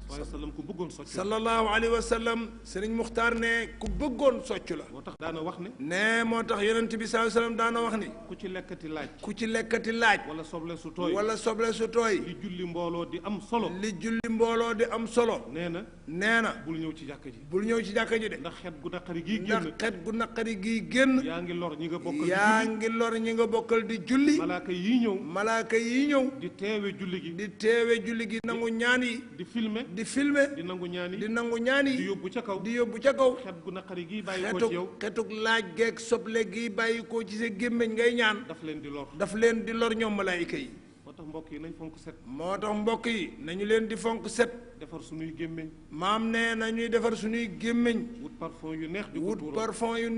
sallam ku bëggoon socc la sallallahu alayhi wa sallam sëriñ Muxtaar ne ku bëggoon socc la. moo tax daana wax ne. ne moo tax yonent bi sallallahu alayhi wa sallam daana wax ni. ku ci lekkati laaj. ku ci lekkati laaj. wala soble su tooy. wala soble su tooy. li julli mbooloo di am solo. li julli mbooloo di am solo. nee na. nee na. bul ñëw ci jàkka ji. bul ñëw ci jàkka ji de. ndax xet gu naqari gii génn. ndax xet gu naqari gii génn. yaa ngi lor ñi nga bokkal di. yaa ngi lor ñi nga bokkal di julli. malaaka yii ñëw. malaaka yii ñëw. di teewe julli gi. di teewe julli gi nangu ñaan yi. di filmer di filmer di nangu ñaan yi di nangu ñaan yi yóbbu ca kaw di yóbbu ca kaw xet gu naqari gii bàyyi ko ci yow xetug laaj geeg soble gii bàyyi ko ci sa gémmiñ ngay ñaan daf leen di lor daf leen di lor ñoom malaayika yi moo tax mbokk yi nañ fonk set moo tax mbokk yi nañu leen di fonk set defar suñuy gémmiñ maam nee na ñuy defar suñuy gémmiñ wut parfum yu neex di ko tuuroo wut parfum yu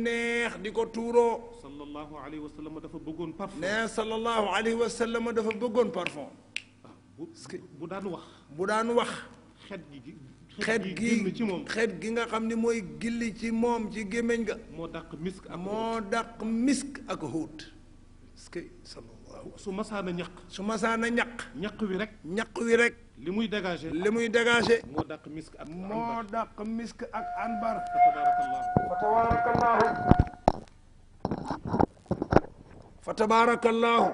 di ko tuuroo sallallahu alayhi wa sallam dafa bëggoon parfum nee sallallahu alayhi wa sallam dafa bëggoon parfum ah, bu daan wax bu daan wax xet gi xet gi xet gi nga xam ni mooy gilli ci moom ci gémmiñ ga moo dàq misk ak moo dàq misk ak su masaana ñaq su masaana ñaq ñaq wi rek ñaq wi rek li muy dégagé li muy dégagé moo dàq misk ak ak anbar fa tabaarakallaahu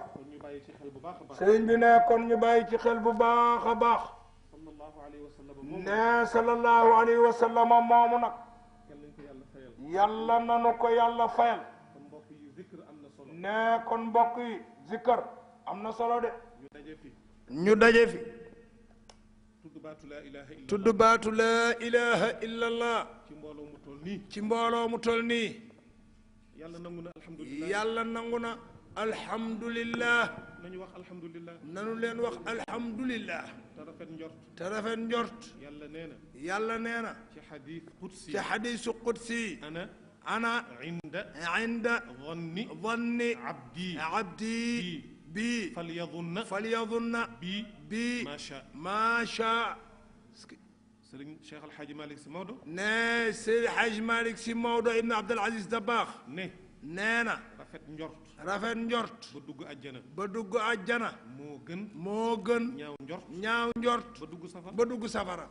fa bi ne kon ñu bàyyi ci xel bu baax a baax nee sallallahu alayhi wa sallam moomu nag yàlla nanu ko yàlla fayal nee kon mbokk yi zikkar am na solo de ñu daje fi tudd baatu laa ilaha illa allah ci mbooloo mu tol nii yàlla nangu na alhamdulillah nañu wax alhamdulilah. nanu leen wax alhamdulilah. te rafet njort. te rafet njort. yàlla nee na. yàlla nee na. ci xadis qudsi. ci xadisu qudsi. ana. ana. inda. inda. vanni. vanni. abdi. abdi. bii. fal yadunna. fal yadunna. bii. bii. macha. macha. sëriñ Cheikh El Hadj Malick si Maodo. nee Seydi Hadj Malick si Maodo Ibn Abdul Aziz Dabakh. ne. nee na. rafet njort. rafet njort ba dugg àjjana ba dugg jana moo gën moo gën ñaaw njort ñaaw njort ba dugg safara ba dugg safara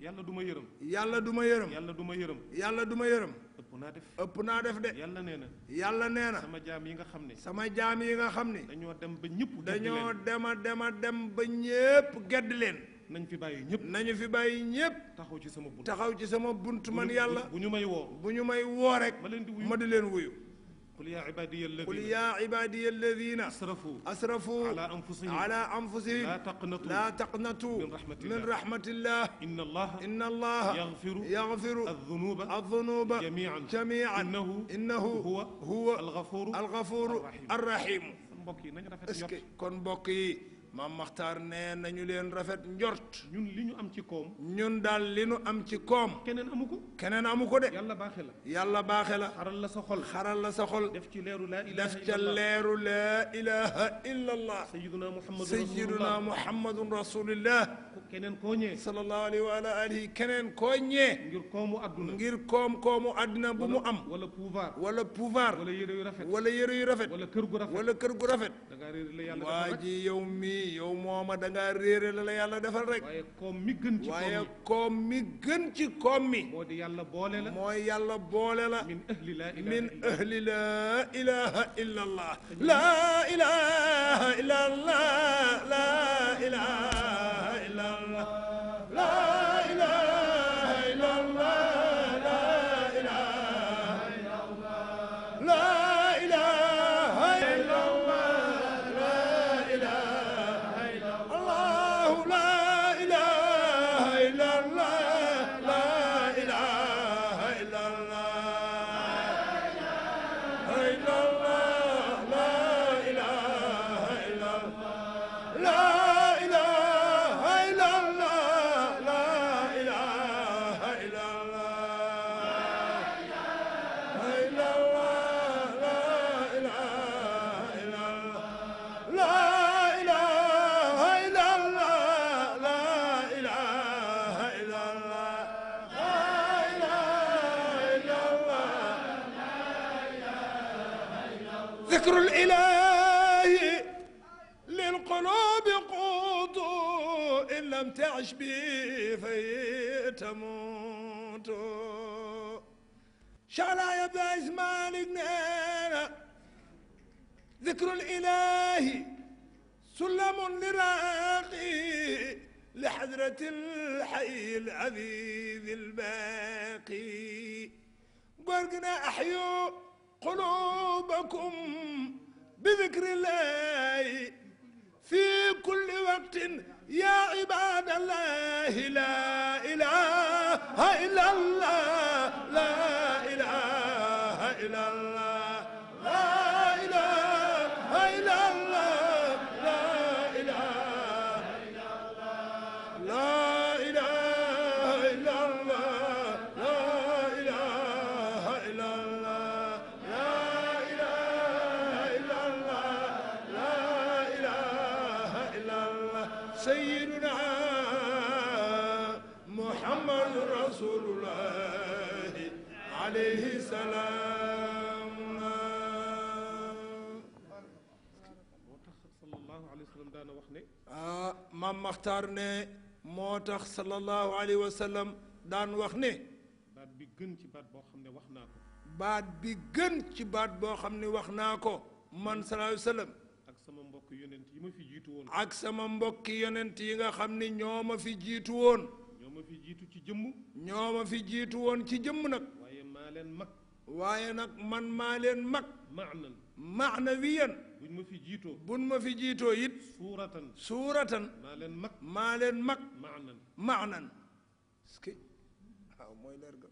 yàlla duma ma yërëm yàlla du ma yërëm yàlla du ma yërëm yàlla du ma yërëm ëpp naa def ëpp naa def de yàlla nee na yàlla nee na sama jaam yi nga xam ne sama jaam yi nga xam ne dañoo dem ba ñëpp dañoo dema dema dem ba ñépp gedd leen nañ fi bàyyi ñëpp nañu fi bàyyi ñëpp taxaw ci sama bunt taxaw ci sama bunt man yàlla bu ñu may woo bu ñu may woo rek ma di leen wuyu قل يا عبادي الذين قل يا عبادي الذين أسرفوا أسرفوا على أنفسهم على أنفسهم لا تقنطوا لا تقنطوا من رحمة الله من رحمة الله إن الله إن الله يغفر يغفر الذنوب الذنوب جميعا جميعا إنه إنه هو هو الغفور الغفور الرحيم الرحيم kon mbokk yi nañ rafet kon mbokk yi maam Maxtaar nee nañu leen rafet njort. ñun li ñu am ci koom. ñun daal li ñu am ci koom. keneen amu ko. keneen amu ko de. yàlla baaxe la. yàlla baaxe la. xaral la sa xol. xaral la sa xol. def ci leeru laa ilaha def ca leeru laa ilaha illallah. sayyiduna muhammadun rasulillah sayyiduna muhammadun rasulillah. keneen koo ñee. sallallahu alayhi wa alihi keneen koo ñee. ngir koomu adduna. ngir koom koomu adduna bu mu am. wala pouvoir. wala pouvoir. wala yére yu rafet. wala yére yu rafet. wala kër gu rafet. wala kër gu rafet. yow mi nii yow mooma da ngaa réere la la yàlla defal rek. waaye koom mi gën ci koom mi waaye koom mi gën ci koom moo di yàlla boole la mooy yàlla boole la. min ahli laa ilaha min ahli laa ilaha illallah. laa ilaha العزيز الباقي قرقنا أحيوا قلوبكم بذكر الله في كل وقت يا عباد الله لا إله إلا الله maam maxtaar ne moo tax sallallahu alayhi wa daan wax ne baat bi gën ci baat boo xam ne wax naa ko baat bi gën ci baat boo xam ne wax naa ko man sallallahu salam ak sama mbokk yonent yi ma fi jiitu woon ak sama mbokki yonent yi nga xam ne ñoo ma fi jiitu woon ñoo ma fi jiitu ci jëmm ñoo ma fi jiitu woon ci jëmm nag waaye maa leen mag waaye nag man maa leen mag maanan maanawiyan buñ ma fi jiitoo buñ ma fi jiitoo it suuratan suuratan maa leen mag maa leen mag maanan maanan ski waaw mooy leer ga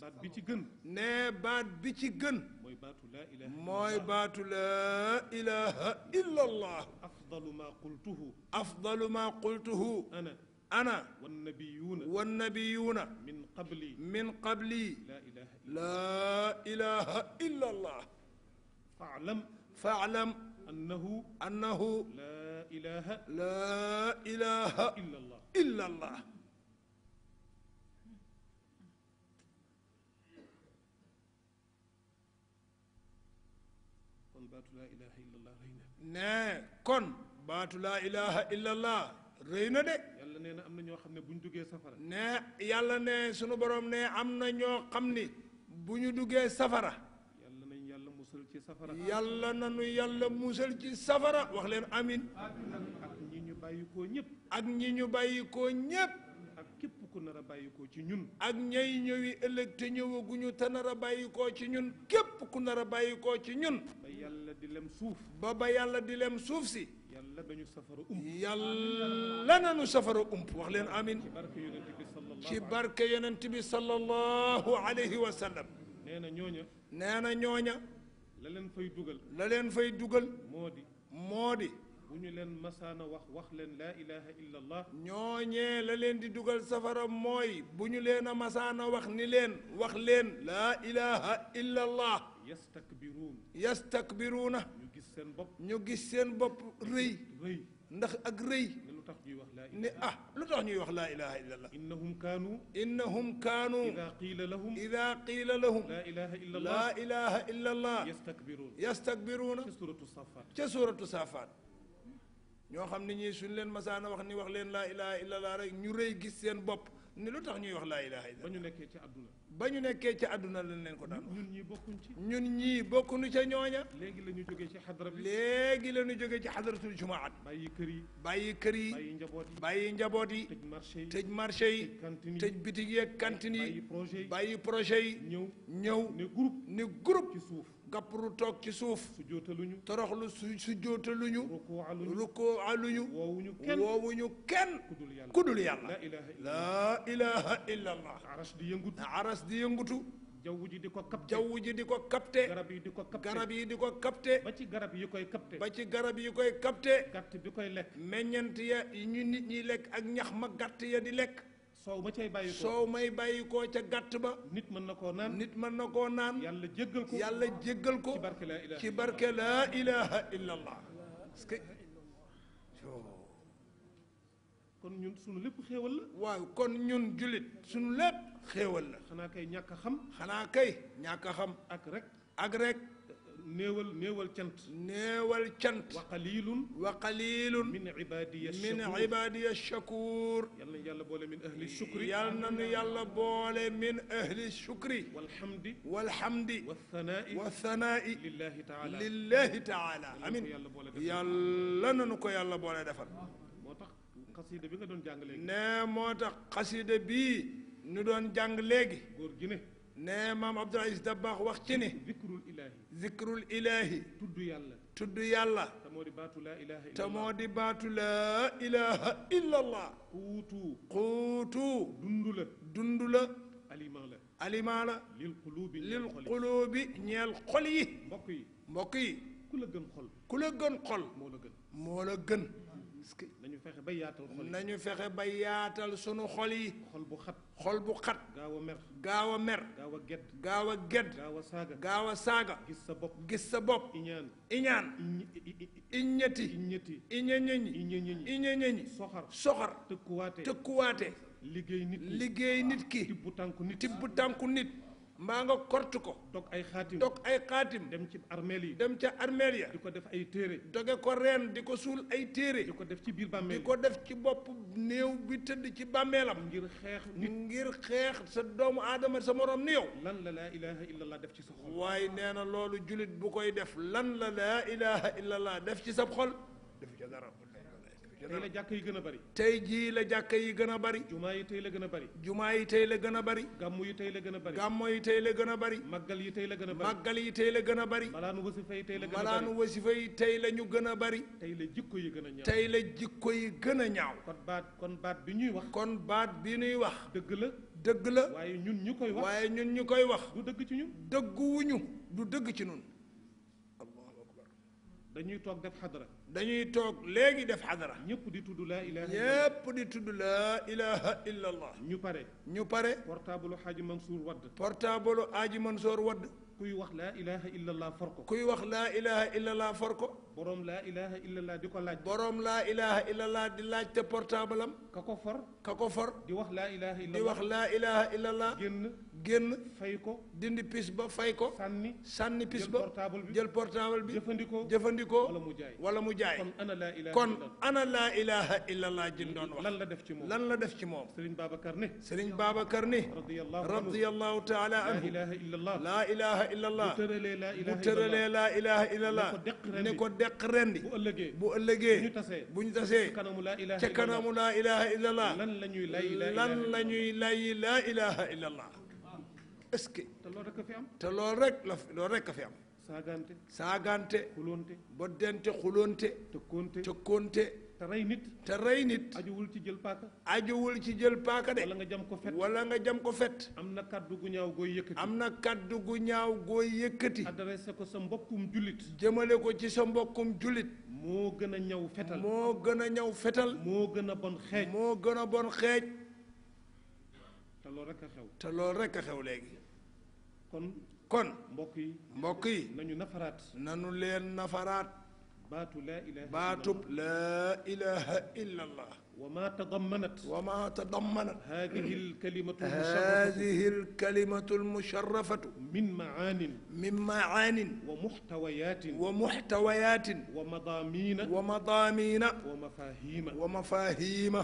baat bi ci gën ne baat bi ci gën mooy baatu laa ilaha mooy baatu laa ilaha illa allah afdalu maa qultuhu afdalu maa qultuhu ana ana wannabiyuuna wannabiyuuna min qabli min qabli laa ilaha illa allah faalam faalam annahu annahu laa ilaha laa ilaha kon baatu nee kon baatu laa ilaha illa allah de yàlla nee am na ñoo xam ne bu ñu safara nee yàlla ne sunu borom ne am na ñoo xam ni bu ñu duggee safara musal ci safara yàlla na nu yàlla musal ci safara wax leen amin ak ñi ñu bàyyi koo ñëpp ak ñi ñu bàyyi koo ñëpp ak képp ku nar a ci ñun ak ñay ñëwi ëllëg te ñëwaguñu te nar bàyyi koo ci ñun képp ku nar a bàyyi koo ci ñun ba yàlla di lem suuf ba ba yàlla di lem suuf si yàlla nañu safara ump yàlla nañu safara ump wax leen amin ci barke yonent bi sallallahu alayhi wa nee na ñooña la leen fay dugal. la leen fay dugal. moo di. moo di. bu ñu leen masaana wax wax leen laa ilaha illa allah la leen di dugal safara mooy bu ñu leen a masaana wax ni leen wax leen laa ilaha illa allah yastakbiruun yastakbiruuna ñu gis seen bopp gis seen bopp rëy rëy ndax ak rëy tax ñuy wax laa ne ah lu tax ñuy wax laa ilaha illa allah innahum kaanu innahum kaanu ida qiila lahum ida qiila lahum laa ilaha illa allah laa ilaha illa allah yastakbiruun yastakbiruuna ca suratu safaat ca suratu safaat ñoo xam ne ñii suñ leen masaana wax ni wax leen laa ilaha illa allah rek ñu rëy gis seen bopp ne lu tax ñuy wax laa ilaha illallah. ba ñu nekkee ci àdduna. ba nekkee ci àdduna lañ leen ko daan wax. ñun ñii bokkuñ ci. ñun ñii bokkuñu ca ñooña. léegi la ñu jógee ci xadra bi. léegi la ñu jógee ci xadratul jumaat. bàyyi kër yi. bàyyi kër yi. bàyyi njaboot yi. njaboot yi. tëj marché yi. tëj marché yi. tëj cantine yi tëj bitig yeeg cantine bàyyi projet yi. bàyyi projet yi. ñëw ñëw. ne groupe ne groupe ci suuf. gàppru toog ci suuf sujjóotaluñu toroxlu su sujjóotaluñu rukkoo aluñu woowuñu kenn kudul yàlla laa ilaha illa allah aras di yëngutu aras di yëngutu jaww ji di ko capté jaww ji di ko capté garab yi di ko capté garab yi di ko capté ba ci garab yi koy capté ba ci garab yi koy capté gàtt bi koy lekk meññent ya ñu nit ñi lekk ak ñax ma gàtt ya di lekk soow ma cay bàyyi ko soow may bàyyi ko ca gàtt ba. nit mën na koo naan nit mën na koo naan. yàlla jéggal ko yàlla jéggal ko. ci barke laa ilaha illallah parce que kon ñun sunu lépp xéewal la. waaw kon ñun jullit sunu lépp xéewal la. xanaa kay ñàkk xam. xanaa kay ñàkk xam. ak rek ak rek. néewal néewal cant. néewal cant. wa qalilun. wa qalilun. min ibadiya shakur min ibadiya shakur. yal na yàlla boole min ahli shukri. yal na nu yàlla boole min ahli shukri. walhamdi. walhamdi. wa thanaa'i. wa thanaa'i. lillahi taala lillahi taala. amiin yàlla na nu ko yàlla boole defal. moo tax xasida bi nga doon jàng léegi. nee moo tax xasida bii. ñu doon jàng léegi. góor gi ne. nee maam Abdoul Aziz Dabakh wax ci ne. zikrul ilaahi. zikrul ilaahi. tudd yàlla. tudd yàlla. te moo di baatu laa ilaaha illallah. te moo di baatu laa ilaaha illallah. la. aliment la. aliment la. lil quluubi. lil quluubi ñeel xol yi. mbokk yi. mbokk yi. ku la gën ku la gën xol. moo la nañu fexe bay yaatal xol yi nañu fexe ba yaatal sunu xol yi. xol bu xat xol bu xat. gaaw a mer gaaw a mer. gaaw a gedd gaaw a saaga gis sa bopp gis sa bopp. iñaan iñaan. iññeti iññeti. soxar tëkkuwaate liggéey nit ki liggéey nit ki. tibb tànku nit tibb tànku nit. maa nga kort ko dog ay xaatim dog ay xaatim dem ci armeel yi dem ca armeel ya di ko def ay téere doge ko reen di ko suul ay téere di ko def ci biir bàmmeel di ko def ci bopp néew bi tëdd ci bàmmeelam ngir xeex ngir xeex sa doomu aadama sa moroom ni yow lan la laa ilaha def ci sa xol waaye nee na loolu julit bu koy def lan la laa ilaha illallah def ci sa xol defu ca dara tey la jàkk yi gën a bari tey jii la jàkk yi gën a bari jumaa yi tey la gën a bari jumaa yi tey la gën bari gàmmu yi tey la gën a bari gàmmu yi tey la gën a bari màggal yi tey la gën a bari màggal yi tey la gën a bari malaanu wasifa yi tey la gën a bari malaanu tey la ñu gën a bari tey la jikko yi gën a ñaaw tey la jikko yi gën a ñaaw kon baat kon baat bi ñuy wax kon baat bi ñuy wax dëgg la dëgg la waaye ñun ñu koy wax waaye ñun ñu koy wax du dëgg ci ñun dëgguwuñu du dëgg ci ñun dañuy toog def xadara. dañuy toog léegi def xadara. ñëpp di tudd laa ilaha illallah ñëpp di tudd ñu pare. ñu pare. portable Hadji Mansour wadd. portable Hadji Mansour wadd. kuy wax laa ilaha illallah for ko. kuy wax laa ilaha illallah for ko. borom laa ilaha la di ko laaj. borom laa ilaha illallah di laaj te portable am. ka ko for. ka ko di wax laa ilaha illallah di wax laa ilaha illallah. génn génn. fay ko dindi pis ba fay ko. sànni sànni pis ba jël portable bi jël portable bi. jëfandikoo jëfandikoo. wala mu jaay wala mu jaay. kon ana laa ilaha kon la laa ilaha illallah wax. lan la def ci moom lan la def ci moom. Serigne Babacar ni. ilaha illallah bu tëralee laa ilaha illallah ne ko deq rendi bu ëllëgee bu ñu tasee ca kanamu laa ilaha illallah lan la ñuy layi laa ilaha illallah est-ce que te loolu rek la loolu rek ka fi am saagante saagante xuloonte boddente xuloonte tëkkoonte te rey nit. te rey nit. ajuwul ci jël paaka. ajuwul ci jël paaka de. wala nga jam ko fet. wala nga jam ko fet. am na kaddu gu ñaaw gooy yëkkati. am na kaddu gu ñaaw gooy yëkkati. adressé ko sa mbokkum jullit. jëmale ko ci sa mbokkum jullit. moo gën a ñaw fetal. moo gën a ñaw fetal. moo gën a bon xeej. moo gën a bon xeej. te loolu rek a xew. te loolu rek a xew léegi. kon. kon mbokk yi. mbokk yi nañu nafaraat. nañu leen nafaraat. baatu laa ilaaha baatub laa ilaaha illa allah. wa maa tadammanat. wa maa tadammanat. haadihi lkalimatu lmusharrafatu haadihi lkalimatu lmusharrafatu. min macaanin. min macaanin. wa muxtawayaatin. wa muxtawayaatin. wa madaamiina. wa madaamiina. wa mafaahiima. wa mafaahiima.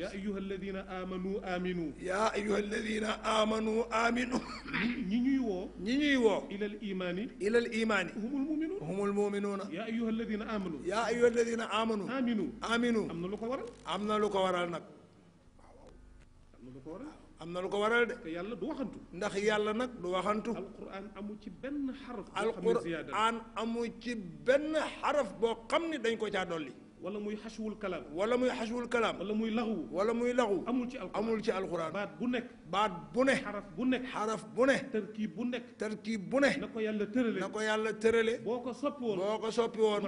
yaa ayyuha alladina amanu aminu yaa ayyuha alladina amanu aminu ñi ñuy woo ñi woo ila al imaani ila na lu ko waral am na lu ko waral na am na lu ko waral de. yàlla du waxantu. ndax yàlla nag du waxantu. alquran amu ci benn xaraf. alquran amu ci benn boo xam ne dañ ko caa dolli. wala muy xaswul kalaam. wala muy xaswul kalaam. wala muy laxu. wala muy laxu. amul ci alxuraan amul ci alxuraan. baat bu nekk. baat bu ne. xaraf bu nekk. xaraf bu ne. tarkiib bu nekk. tarkiib bu ne. na ko yàlla tërale. na ko yàlla tërale. boo ko soppi woon boo ko soppi woon.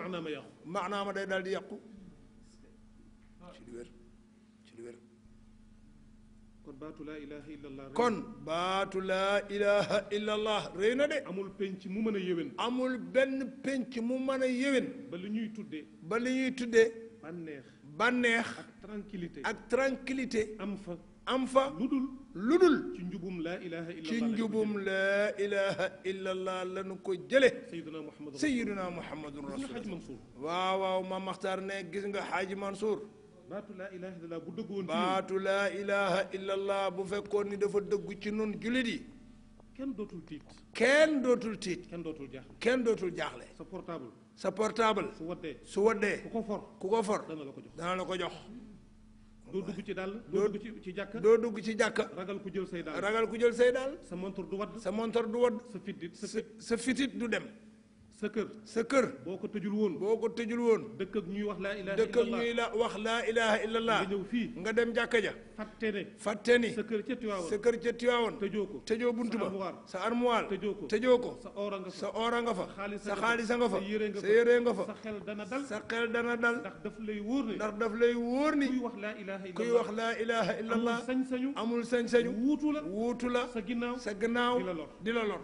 maanaam day daal di yàqu. baatu laa ilaha kon baatu laa ilaha illallah rëy na de. amul penc mu mën a yéwén. amul benn penc mu mën a yéwén. ba li ñuy tuddee. ba tuddee. bànneex bànneex. ak tranquillité ak tranquillité. am fa am fa. ludul ludul. ci njubum laa ilaha illallah ci njubum laa ilaha illallah lañu ko jëlee. Seyyidina Muhammad Seyyidina Muhammadun Rasul. waaw waaw Maam Maxtaar ne gis nga Xaaji Mansour. baatu laa ilaha illallah bu dëggoon ci baatu laa ilaha bu fekkoon ni dafa dëggu ci nun jullit yi. kenn dootul tiit. kenn dootul tiit. kenn dootul jaaxle. kenn dootul jaaxle. sa portable. sa portable. su waddee ku ko for ku ko for. dana la ko jox dana la ko jox. doo dugg ci dàll. doo dugg ci ci jàkka. doo dugg ci jàkka. ragal ku jël say dàll. ragal jël say dàll. sa montor du wadd. sa montor du wadd. sa fitit sa fitit du dem. sa kër sa kër boo ko tëjul woon boo ko tëjul woon dëkk ak ñuy wax laa ilaha illallah dëkk ak ñuy wax laa ilaha illallah nga ñëw fii nga dem jàkka ja fàtte ne fàtte ni sa kër ca Tiwaawoon sa kër ca Tiwaawoon tëjoo ko tëjoo bunt ba sa armoire tëjoo ko tëjoo ko sa oora nga fa sa oora nga fa sa xaalisa nga fa sa nga fa sa xel dana dal sa xel dana dal ndax daf lay wóor ni ndax lay wóor ni kuy wax laa ilaha illallah kuy wax laa ilaha illallah amul sañ-sañu amul sañ-sañu wuutu la wuutu la sa ginnaaw sa ginnaaw di la lor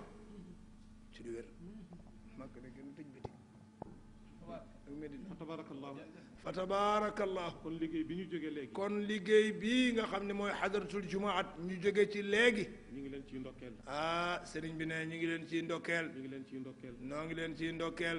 fa tabaarakallahu kon liggéey bi ñu jógee kon liggéey bii nga xam ne mooy xadaratul jumaat ñu jóge ci léegi. ñu ngi leen ciy ndokkeel. ah sëriñ bi ne ñu ngi leen ciy ndokkeel. ñu ngi leen ciy ndokkeel. noo ngi leen ciy ndokkeel.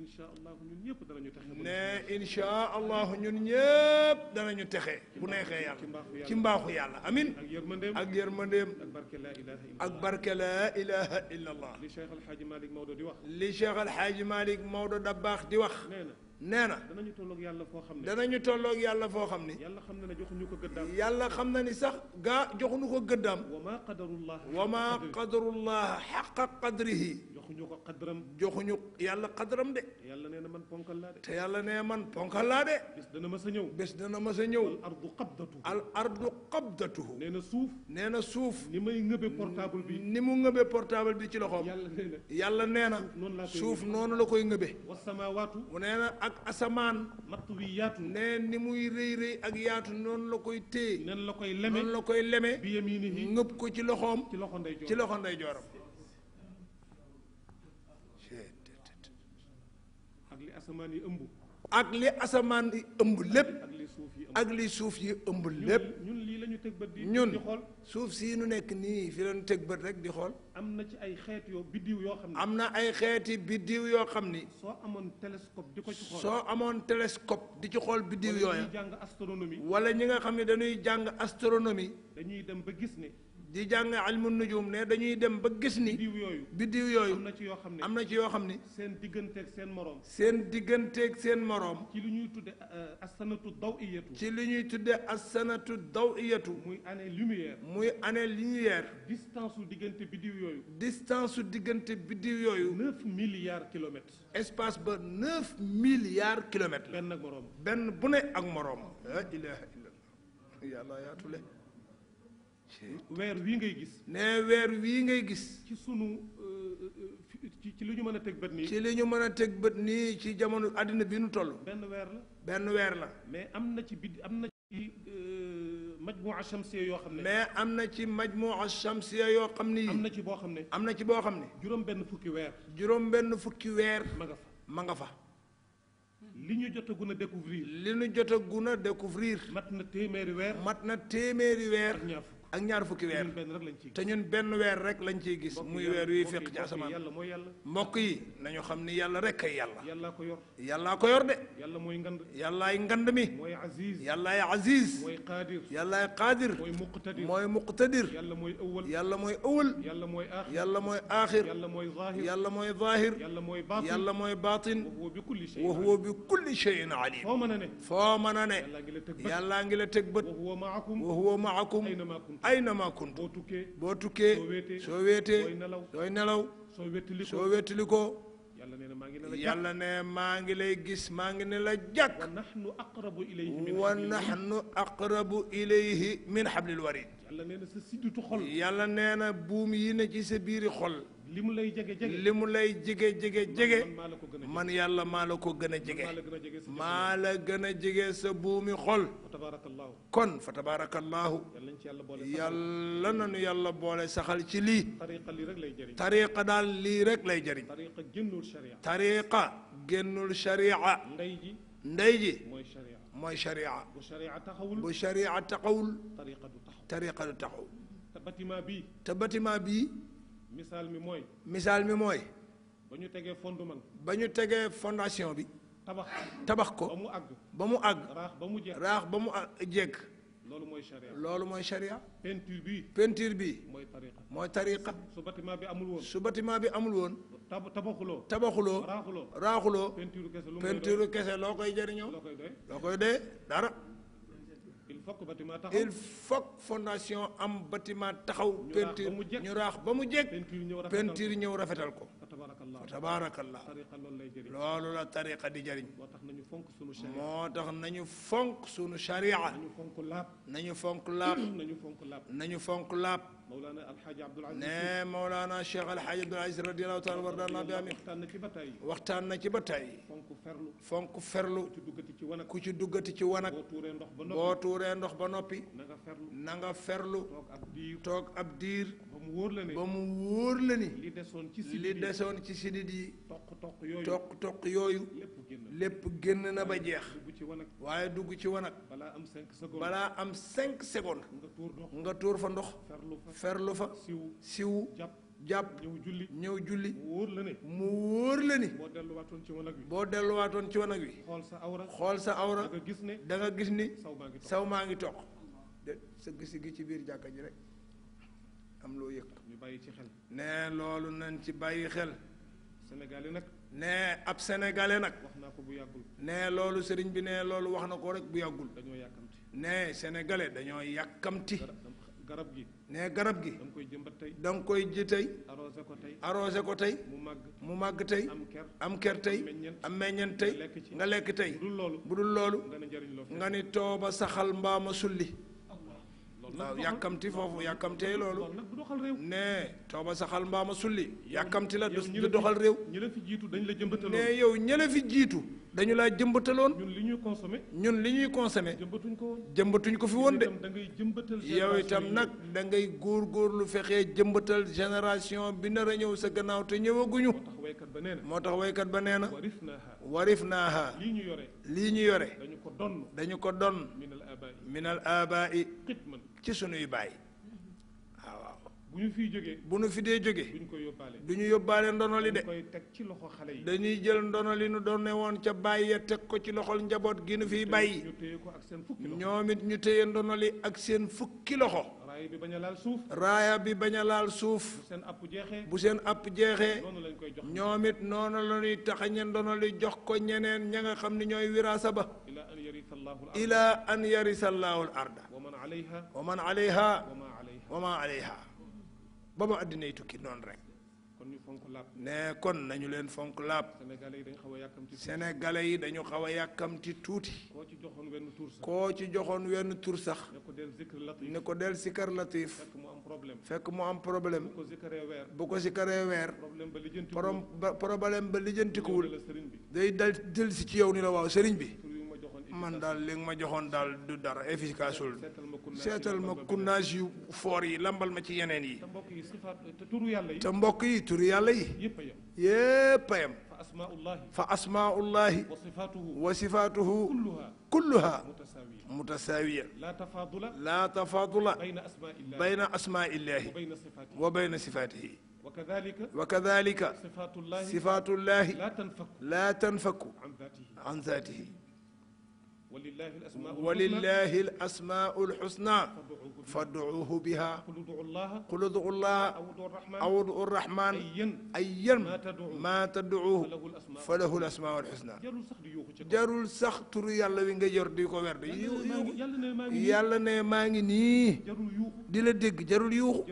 incha allahu ñun ñëpp danañu texe. ne incha allahu ñun ñëpp danañu texe. bu neexee yàlla ci mbaaxu yàlla amin ak yërmandeem ak yërmandeem. ak barke laa ilaha illallah ak barke laa ilaha illallah. li Cheikh Al Hadj Malick di wax. li Cheikh Al Hadj Malick Maodo Dabakh di wax. nee nee na danañu tolloog yàlla foo xam ne danañu tolloog yàlla foo xam ne yàlla xam na ne joxuñu ko gëddaam yàlla xam na ni sax gaa joxuñu ko gëddaam wa maa qadarullaah wa maa qadarullaah xaqa qadrihi joxuñu ko xadram joxuñu yàlla xadram de. yàlla nee na man ponkal laa te yàlla nee man ponkal laa de. bés dana ma sa ñëw. bés dana ma sa ñëw. al ardu qabdatuhu. al ardu qabdatuhu. nee na suuf. nee na suuf. ni may ngëbe portable bi. ni mu ngëbe portable bi ci loxoom. yàlla nee na yàlla nee suuf noonu la koy ngëbe. wasamaawaatu. mu nee na ak asamaan. matt wi yaatu. nee ni muy rëy rëy ak yaatu noonu la koy téye. noonu la koy leme noonu la koy leme. bi yaminihi ngëb ko ci loxoom. ci loxo ndeyjooram ci loxo ndeyjooram. asamaan yi ëmb. ak li asamaan yi ëmb lépp. ak li suuf yi ëmb lépp. ñun lii la ñu teg bët di xool suuf sii nu nekk nii fi la ñu teg bët rek di xool. am na ci ay xeet yoo biddiw yoo xam ne. am na ay xeeti biddiw yoo xam ni. soo amoon télescope di ko ci xool. amoon télescope di ci xool biddiw yooya. wala ñi jàng astronomie. wala ñi nga xam ne dañuy jàng astronomie. dañuy dem ba gis ne. ji jàng almu nujum ne dañuy dem ba gis ni. biddiw yooyu biddiw yooyu. am na ci yoo xam ne am na ci yoo xam ni. seen digganteeg seen moroom. seen digganteeg seen moroom. ci li ñuy tudde euh, asanatu daw iyatu. ci li ñuy tudde daw iyatu. muy année lumière. muy année lumière. distance su diggante biddiw yooyu. distance su diggante biddiw yooyu. neuf milliards kilomètres. espace ba neuf milliards kilomètres. benn ak moroom benn bu ne ak moroom. la weer wii ngay gis. ne weer wii ngay gis. ci sunu euh, euh, ci ci li ñu mën a teg bët nii. ci li ñu mën a teg bët nii ci jamono àddina bi nu toll. benn weer la. benn weer la. mais am na ci bid am na ci euh, majmua chamsiya yoo xam ne. mais am na ci majmua chamsiya yoo xam ne. na ci boo xam ne. am na ci boo xam ne. juróom benn fukki weer. juróom fukki weer. ma nga fa ma nga fa. li ñu jot a gun a découvrir. li ñu jot a mat na téeméeri weer. na téeméeri weer. ak ak ñaar fukki weer te ñun benn weer rek lañ ciy gis muy weer yuy fekk ci asamaan mbokk yi nañu xam ni yàlla rek kay yàlla yàllaa ko yor yàllaa ko yor de yàlla mooy ngand yàllaay ngand mi mooy aziz yàllaay aziz mooy qaadir yàllaay qaadir mooy muqtadir mooy muqtadir yàlla mooy awal yàlla mooy awal yàlla mooy aaxir yalla mooy aaxir yalla mooy zaahir yàlla mooy zaahir yàlla mooy baatin yàlla mooy baatin wa huwa bi kulli shay'in alim foo mën a ne foo mën a ne yàllaa ngi la teg bët wa huwa maakum aynama kun boo tukkee boo tukkee soo weetee sooy nelaw soo wettili ko yàlla ne maa ngi lay gis maa ngi ne la jàkk wa naxnu aqrabu ilayhi min xablil warid yàlla nee na buum yi ne ci sa biiri xol li mu lay jege jege li mu lay jege jege jege man yàlla maa la ko gën a jege maa la gën a jege sa buumi xol kon fa tabaarakallaahu yàlla na nu yàlla boole saxal ci lii tariqa daal lii rek lay jëriñ tariqa génnul sharia ndey ji mooy sharia bu sharia taxawul tariqa du taxaw te bâtiment bii misaal mi mooy. misaal mi mooy. ba ñu tegee fondement. ba ñu tegee fondation bi. tabax tabax ko ba mu àgg. ba mu àgg raax ba mu jekk raax ba mu jekk. loolu mooy charia loolu mooy charia. peinture bi peinture bi. mooy tariqa mooy tariqa. su bâtiment bi amul woon. su bâtiment bi amul woon. tabaxuloo. tabaxuloo raaxuloo. raaxuloo peinture kese loo koy jëriñoo loo koy doy dara. il faut fondation am bâtiment taxaw. ñu raax ba mu jekk peinture ñëw rafetal ko. tabarakallah tabarakallah loolu la tariqa di jëriñ moo tax nañu fonk sunu sharia moo tax nañu fonk sunu sharia nañu fonk laab nañu fonk laab nañu fonk laab nañu fonk laab Mawlana Alhaji Abdoul Aziz ne Mawlana Cheikh Alhaji Abdoul Aziz radiyallahu taala wardaana bi amin waxtaan na ci ba tey waxtaan na ci ba tey fonk ferlu fonk ferlu ku ci duggati ci wanag boo tuuree ndox ba noppi na nga ferlu toog ab diir wóor la ni ba mu wóor la ni. li desoon ci sidit yi li ci sidit yi. toq toq yooyu toq toq yooyu. lépp génn na ba jeex. waaye dugg ci wanag. balaa am cinq secondes am cinq secondes. nga tuur ndox nga tuur fa ndox. ferlu fa siw siw jàpp ñëw julli ñëw julli. mu wóor la ni mu wóor boo delluwaatoon ci wanag wi boo delluwaatoon ci wanag wi. xool sa awra xool awra. gis ne da gis ni. saw maa ngi toq saw maa ngi toq. de sa gis gi ci biir jàkka ji rek. am loo yëg. ñu bàyyi ci xel. ne loolu nañ ci bàyyi xel. sénégalais nag. ne ab sénégalais nag. wax naa ko bu yàggul. ne loolu sëriñ bi ne loolu wax na ko rek bu yàggul. dañoo yàkkamti. ne sénégalais dañoo yàkkamti. garab gi ne garab gi. da koy jëmbat tey. da koy ji tey. arrosé ko tey. arrosé ko tey. mu màgg mu màgg tey. am ker am ker tey. am meññeent tey. nga lekk tey. bu dul loolu bu dul loolu. nga ni tooba saxal mbaama sulli. waaw yàkkamti foofu yàkkamtee loolu ne tooba saxal mbaama sulli yàkkamti la du doxal réew ne yow ñële fi jiitu dañu laa jëmbataloon ñun li ñuy consommé ñun li ñuy consommé jëmbatuñ ko woon jëmbatuñ ko fi woon de yow itam nag da ngay góor lu fexee jëmbatal génération bi nar a ñëw sa gannaaw te ñëwaguñu moo tax waykat ba nee na warif naaha lii ñu yore dañu ko donn minal abaa'i ci sunuy baay waaw bu ñu fiy jógee bu ñu fi dee jóge du ñu ko yóbbaale du ñu ndono li de. koy teg ci loxo xale yi. dañuy jël ndono li nu doon ne woon ca bàyyi ya teg ko ci loxol njaboot gi nu fiy bàyyi. ñu ko ak seen fukki loxo ñu téye ndono li ak seen fukki loxo. raaya bi bañ laal suuf. raaya bi bañ laal suuf. bu seen app jeexee. bu seen app jeexee. noonu lañ koy jox ñoom it noonu la ñuy taxañe ndono li jox ko ñeneen ña nga xam ne ñooy wiraasa ba. ilaa an yarisallahul arda. wa man alayha wa ma alayha ba ma àddinay tukki noonu rek ne kon nañu leen fonk laab sénégalais yi dañu xaw a yàkkamti tuuti koo ci joxoon wenn tur sax ne ko del sikar latif fekk mu am problème bu ko sikaree weer problème ba lijjantikuwul day dal delsi ci yow ni la waaw sëriñ bi man daal léegi ma joxoon daal du dara efficace wul seetal ma kunnage yu foor yi lambal ma ci yeneen yi te mbokk yi turu yàlla yi yépp a yam fa asmaullahi wa sifaatuhu kulluha mutasaawiya laa tafaadula bayna asmaillahi wa bayna sifaatihi wa kadalika sifaatullahi laa tanfaku an zaatihi walillahi al asmaau lxusna faduuhu biha qul uduu llaha aw uduu rahman ay yan maa taduu fa lahu l asmaau lxusna jarul sax turu yàlla wi nga yor di ko werde yàlla ne maa ngi nii di la dégg jarul yuuxu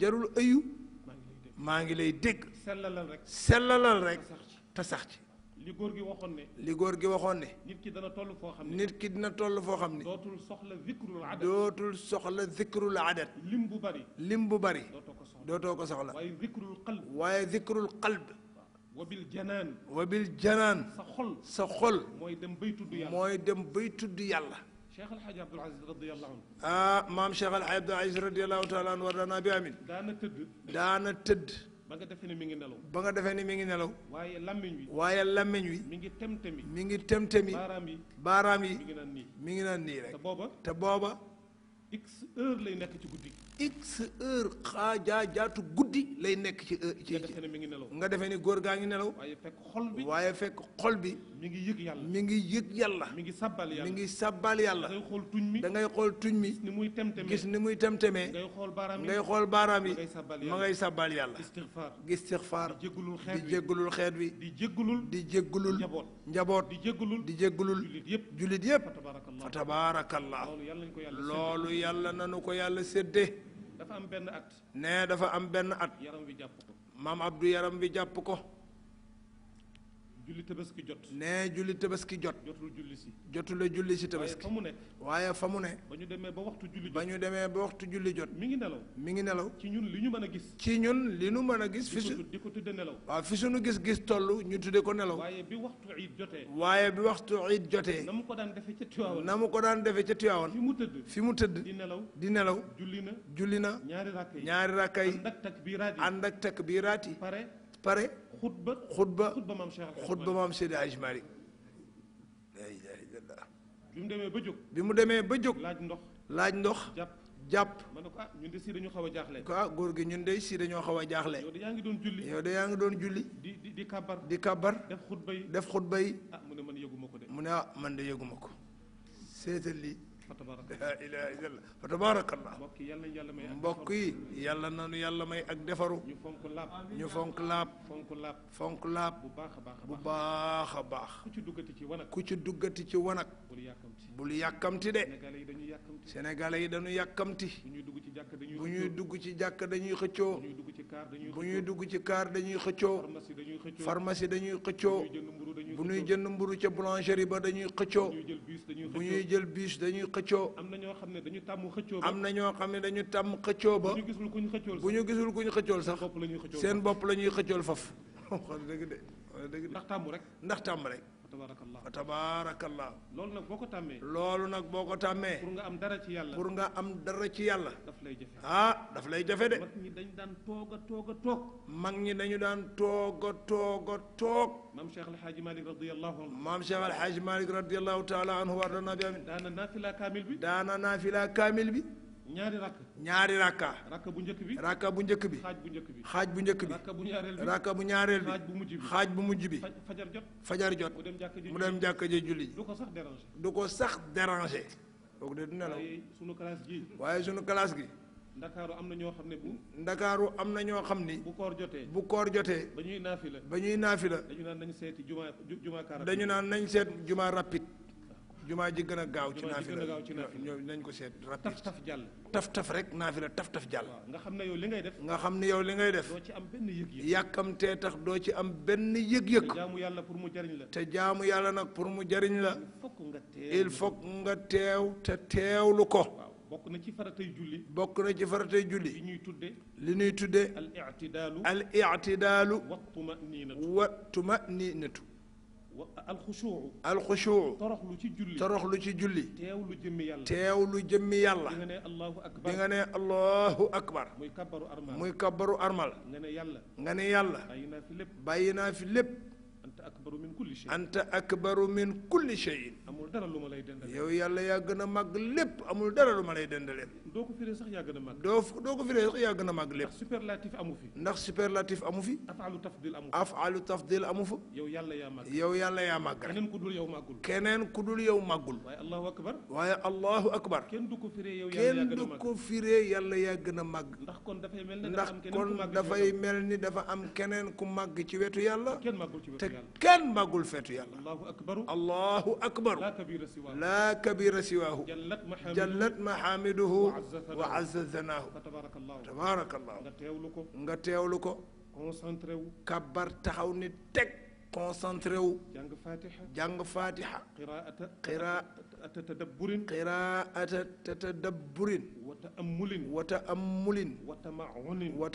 jarul ëyu maa ngi lay dégg sellalal rek te sax ci li góor gi waxoon ne. li góor gi waxoon ne. nit ki dana toll foo xam ne. nit ki dina toll foo xam ne. dootul soxla zikrul adat. dootul soxla zikrul adat. lim bu bari. lim bu bari. dootoo ko soxla dootoo ko soxla. waaye zikrul qalb. waaye zikrul qalb. wabil janaan. wabil janaan. sa xol mooy dem bay tudd yàlla mooy dem bay tudd yàlla. cheikh alxaaji abdul aziz radiyallahu anhu. ah maam cheikh war danaa bi amin. daana tëdd. ba nga defee ni mi ngi nelaw. ba nga defee ni mi ngi nelaw. waaye làmmiñ wi. waaye làmmiñ wi. mi ngi temtemi. mi ngi temtemi. baaraam yi. baaraam yi mi ngi naan nii. mi ngi naan nii te booba. te booba. x lay nekk ci guddi gi. x heure xaajaa jaatu guddi lay nekk ci heure ci nga defee ni góor gaa ngi nelaw waaye fekk xol bi waaye fekk xol bi mi ngi yëg yàlla mi ngi yëg yàlla mi ngi sabbal ngi sabbal yàlla da xool tuñ mi da ngay xool tuñ mi ni muy temtemee gis ni muy tem ngay xool baaraam yi ngay xool baaraam yi ma ngay sabbal yàlla istigfaar istigfaar di jéggulul xeet wi di jéggulul di jéggulul di njaboot di jéggulul di jéggulul jullit yépp fa tabaarakallah loolu yàlla na nanu ko yàlla séddee dafa am benn at nee dafa am benn at yaram wi jàpp maam Abdou yaram wi jàpp ko julli tabaski jot. nee julli tabaski jot. jotul julli si. jotul a julli si tabaski. waaye fa mu ne. waaye fa ne. ba ñu demee ba waxtu julli jot. ba ñu demee ba waxtu julli jot. mi ngi nelaw. mi ngi nelaw. ci ñun li ñu mën a gis. ci ñun li ñu mën gis. fi su di ko tudde nelaw. waaw fi suñu gis-gis toll ñu tudde ko nelaw. waaye bi waxtu iid jotee. waaye bi waxtu iid jotee. na mu ko daan defee ca Tiwaawan. na ko daan defee ca Tiwaawan. mu tëdd. fi mu tëdd. di nelaw. di nelaw. julli na. julli na. ñaari rakka yi. ñaari rakka yi. ànd ak takbiiraat yi. ànd ak takbiiraat yi. pare. pare. xutba xutba xutba maam Cheikh xutba maam Seydi Hadji Malick la bi mu demee ba jóg bi mu demee ba jóg laaj ndox laaj ndox jàpp jàpp ma ne ko ah si dañoo xaw a jaaxle ko ah, góor gi ñun de si dañoo xaw a jaaxle yow de yaa ngi doon julli yow de yaa ngi doon julli di di di kabar di kabar def xutba yi def xutba yi ah mu ne man yëguma ko de mu ne ah man de yëguma ko seetal li fa tabaarakallah mbokk yi yàlla na nanu yàlla may ak defaru ñu fonk laab ñu fonk laab fonk laab bu baax a baax ku ci duggati ci wanag bul yàkkamti de sénégalais yi dañu yàkkamti bu ñuy dugg ci jàkk dañuy xëccoo bu ñuy dugg ci kaar dañuy xëccoo pharmacie dañuy xëccoo bu nuy jënd mburu ca boulangerie ba dañuy xëccoo bu ñuy jël bus dañuy xëccoo am na ñoo xam ne dañu tàmm xëccoo am na ñoo ne dañu tàmm xëccoo ba bu ñu gisul ku ñu xëccool sax seen bopp la ñuy xëccool faf wax dëgg de wax dëgg de ndax tàmm rek ndax tàmm rek tabaarakallaahu tabaarakallaahu loolu nag boo ko tàmmee. loolu nag boo ko tàmmee. pour nga am dara ci yàlla. pour nga am dara ci yàlla. daf lay jafe ah daf lay jafe de. mag ñi dañu daan toog a toog a toog. mag ñi dañu daan toog a a toog. maam Cheikh El Hadj Malick radiyallahu anhu. maam Cheikh El Hadj Malick radiyallahu taala anhu war a nabi amin. daana naafila kaamil bi. daana naafila kaamil bi. ñaari rakk ñaari rakka rakk bu njëkk bi rakka bu njëkk bi xaaj bu njëkk bi xaaj bu njëkk bi bu ñaareel bi rakka bu ñaareel bi xaaj bu mujj bi xaaj bu mujj bi fajar jot fajar jot mu dem jàkka ji julli du ko sax déranger du ko sax déranger kooku de du nelaw sunu classe gi waaye sunu classe gi ndakaaru am na ñoo xam ne bu ndakaaru am na ñoo xam ni bu koor jotee bu koor jotee ba ñuy naafi la ba ñuy naafi la dañu naan nañ seeti juma juma car dañu naan nañ seet juma rapide jumaa ji gën a gaaw ci naafila ñoom nañ ko seet rapide taf taf jàll taf taf rek naafila taf taf jàll nga xam ne yow li ngay def nga xam ne yow li ngay def ci am benn yëg-yëg yàkkamtee tax doo ci am benn yëg-yëg te jaamu yàlla pour mu jariñ la te jaamu yàlla nag pour mu jariñ la il faut nga teew te teewlu ko bokk na ci faratay julli bokk na ci julli li ñuy tudde li ñuy tudde al i'tidaalu al i'tidaalu wa tuma'ninatu wa tuma'ninatu alxushuu alxushuu toroxlu ci julli toroxlu ci julli teew lu jëmmi yàlla teew lu jëmmi yàlla di nga ne allahu akbar di nga muy kabbaru armal muy nga ne yàlla nga ne yàlla bàyyi naa fi lépp bàyyi naa fi lépp anta akbaru min kulli shay anta akbaru min kulli amul dara lu ma lay dendale. yow yàlla yaa gën a màgg lépp amul dara lu ma lay dendale. doo ko firee sax yaa gën a màgg. doo doo ko firee sax yaa gën a màgg lépp. ndax superlatif amu fi. ndax superlatif amu fi. afaalu tafdil amu fi. afaalu tafdil amu yow yàlla yaa màgg. yow yàlla yaa màgg. keneen ku dul yow màggul. keneen ku dul yow màggul. waaye allahu akbar. waaye allahu akbar. kenn du ko firee yow yàlla yaa gën a màgg. yaa gën a màgg. ndax kon dafay mel ni dafa am keneen ku màgg. ndax kon dafay mel ni dafa am keneen ku màgg ci wetu yàlla. te kenn màggul feetu yàlla. allahu akbar. الأكبر لا كبير سواه جلت محامده وعز ثناه تبارك الله nga teewlu ko concentré wu kabar taxaw ni teg concentré wu fatiha jàng fatiha qiraata qiraata wa ta'ammulin wa wa tama'unin wa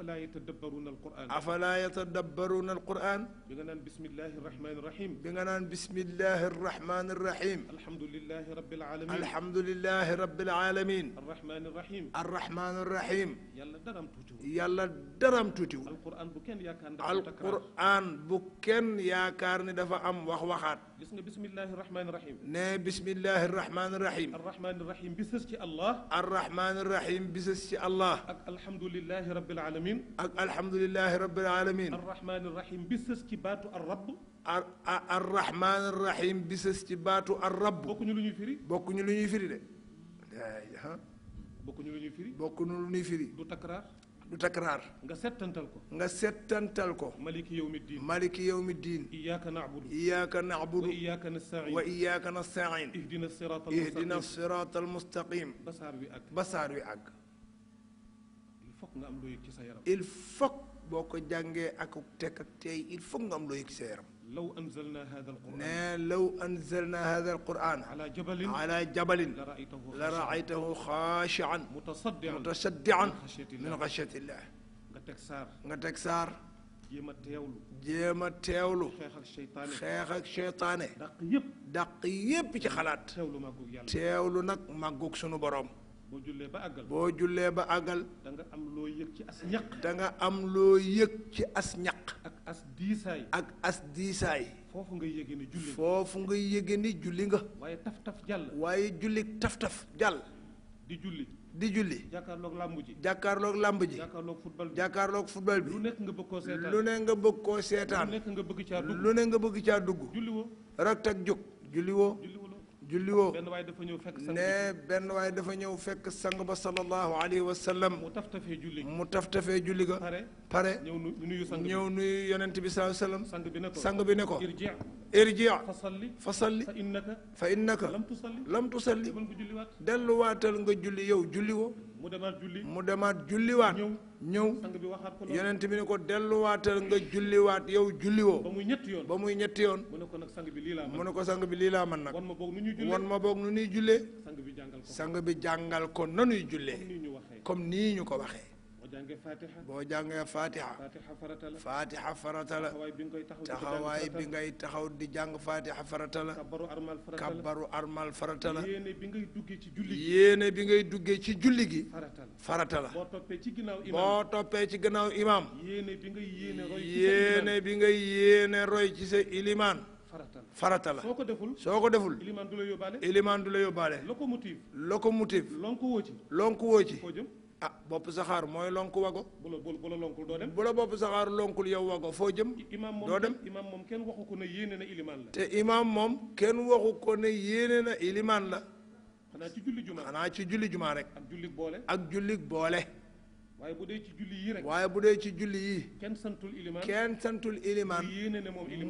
afalaa yatadabbaruuna alquran afalaa yatadabbaruuna alquran bi nga naan bismillahi arrahmani rahim bi nga naan bismillahi arrahmani rahim alhamdulilahi rabbil alamin alhamdulilahi rabbil alamin arrahmani rahim arrahmani rahim yàlla daraam tuutiwul yàlla daraam tuutiwul alquran bu kenn yaakaar alquran bu kenn yaakaar ni dafa am wax waxaat gis nga bismillahi rahmaani rahim. nee bismillahi rahmaani rahim. arrahmaani rahim bi sës ci Allah. arrahmaani rahim bi sës ci Allah. ak alhamdulilahi rabbil alamin. ak alhamdulilahi rabbil alamin. arrahmaani rahim bi sës ci baatu arrab. ar arrahmaani rahim bi sës ci baatu arrab. bokkuñu lu ñuy firi. bokkuñu lu ñuy firi de. bokkuñu lu ñuy firi. bokkuñu lu ñuy firi. du takraar. du takraar nga settantal ko nga setantal ko maliki yow mi diin maliki mi diin iyaaka nacbudu iyaaka nacbudu wa iyaaka nastain wa iyaaka nastain ihdina siraat al ihdina siraat al il faut nga am loo ci sa yaram il faut boo ko jàngee ak teg ak tey il faut nga am loo yëg sa yaram law anzalna hadha alquran ne law anzalna hadha alquran ala jabalin ala jabalin la raaytahu xaashian mutasaddian mutasaddian min xashyatillah nga teg saar nga teg saar jéem a teewlu jéem a teewlu xeex ak seytaane xeex ak seytaane dàq yëpp dàq yëpp ci xalaat teewlu màggug yàlla teewlu nag màggug sunu borom boo jullee ba àggal boo jullee ba àggal da nga am loo yëg ci as ñaq da nga am loo yëg ci as ñaq as diisaay. ak as diisaay. foofu ngay yëgee ni julli. foofu ngay yëgee ni julli nga. waaye taf taf jàll. waaye julli taf taf jàll. di julli. di julli. jàkkaarloog làmb ji. jàkkaarloog làmb ji. jàkkaarloog football bi. jàkkaarloog bi. lu nekk nga bëgg koo seetaan. lu ne nga bëgg koo seetaan. lu nekk nga dugg. lu ne nga bëgg caa dugg. julli woo benn waay dafa ñëw fekk sang ne benn waaye dafa ñëw fekk sang ba sallallahu alayhi wa sallam mu taftafee julli mu taftafee julli ga pare pare ñëw nuyu sang ñëw nuyu yonent bi sallallahu alayhi wa sallam sang bi ne ko sang bi ne ko fa salli fa salli fa innaka fa innaka lam tusalli lam tusalli delluwaatal nga julli yow julli woo mu demaat julli mu demaat julliwaat. ñëw ñëw yonent bi ne ko delluwaatal nga julliwaat yow julliwoo. ba muy ñetti ba muy ñetti yoon. mu ne ko nag sang bi lii laa mën ne ko sang bi lii laa mën nag. wan ma boog nu ñuy jullee ma boog nu ñuy jullee. sang bi jàngal ko sang bi jàngal ko nanuy jullee. comme nii ñu ko waxee. jàngee Fatiha boo jàngee Fatiha. Fatiha farata la Fatiha farata la. taxawaay bi ngay taxaw di jàng Fatiha farata la. kabbaru armal farata la kabbaru armal farata la. yéene bi ngay duggee ci julli gi yéene bi ngay duggee ci julli gi. farata la farata la. boo toppee ci ginnaaw imaam boo toppee ci ginnaaw imaam. yéene bi ngay yéene roy ci sa ilimaan bi ngay yéene roy ci sa ilimaan. farata la soo ko deful soo ko deful. ilimaan du la yóbbaale ilimaan du la yóbbaale. locomotive locomotive. lonku woo ci lonk woo ci. foo jëm. ah bopp saxaar mooy lonk wago bu la bu lonkul doo dem bu la bopp saxaar lonkul yow wago foo jëm doo dem imaam moom kenn waxu ko ne yéene na ilimaan la te imaam moom kenn waxu ko ne yéene na ilimaan la xanaa ci julli jumaa xanaa ci julli jumaa rek ak julli boole ak julli boole waaye bu dee ci julli yi rek. waaye bu dee ci julli yi. kenn santul ilimaan kenn santul ilimaan.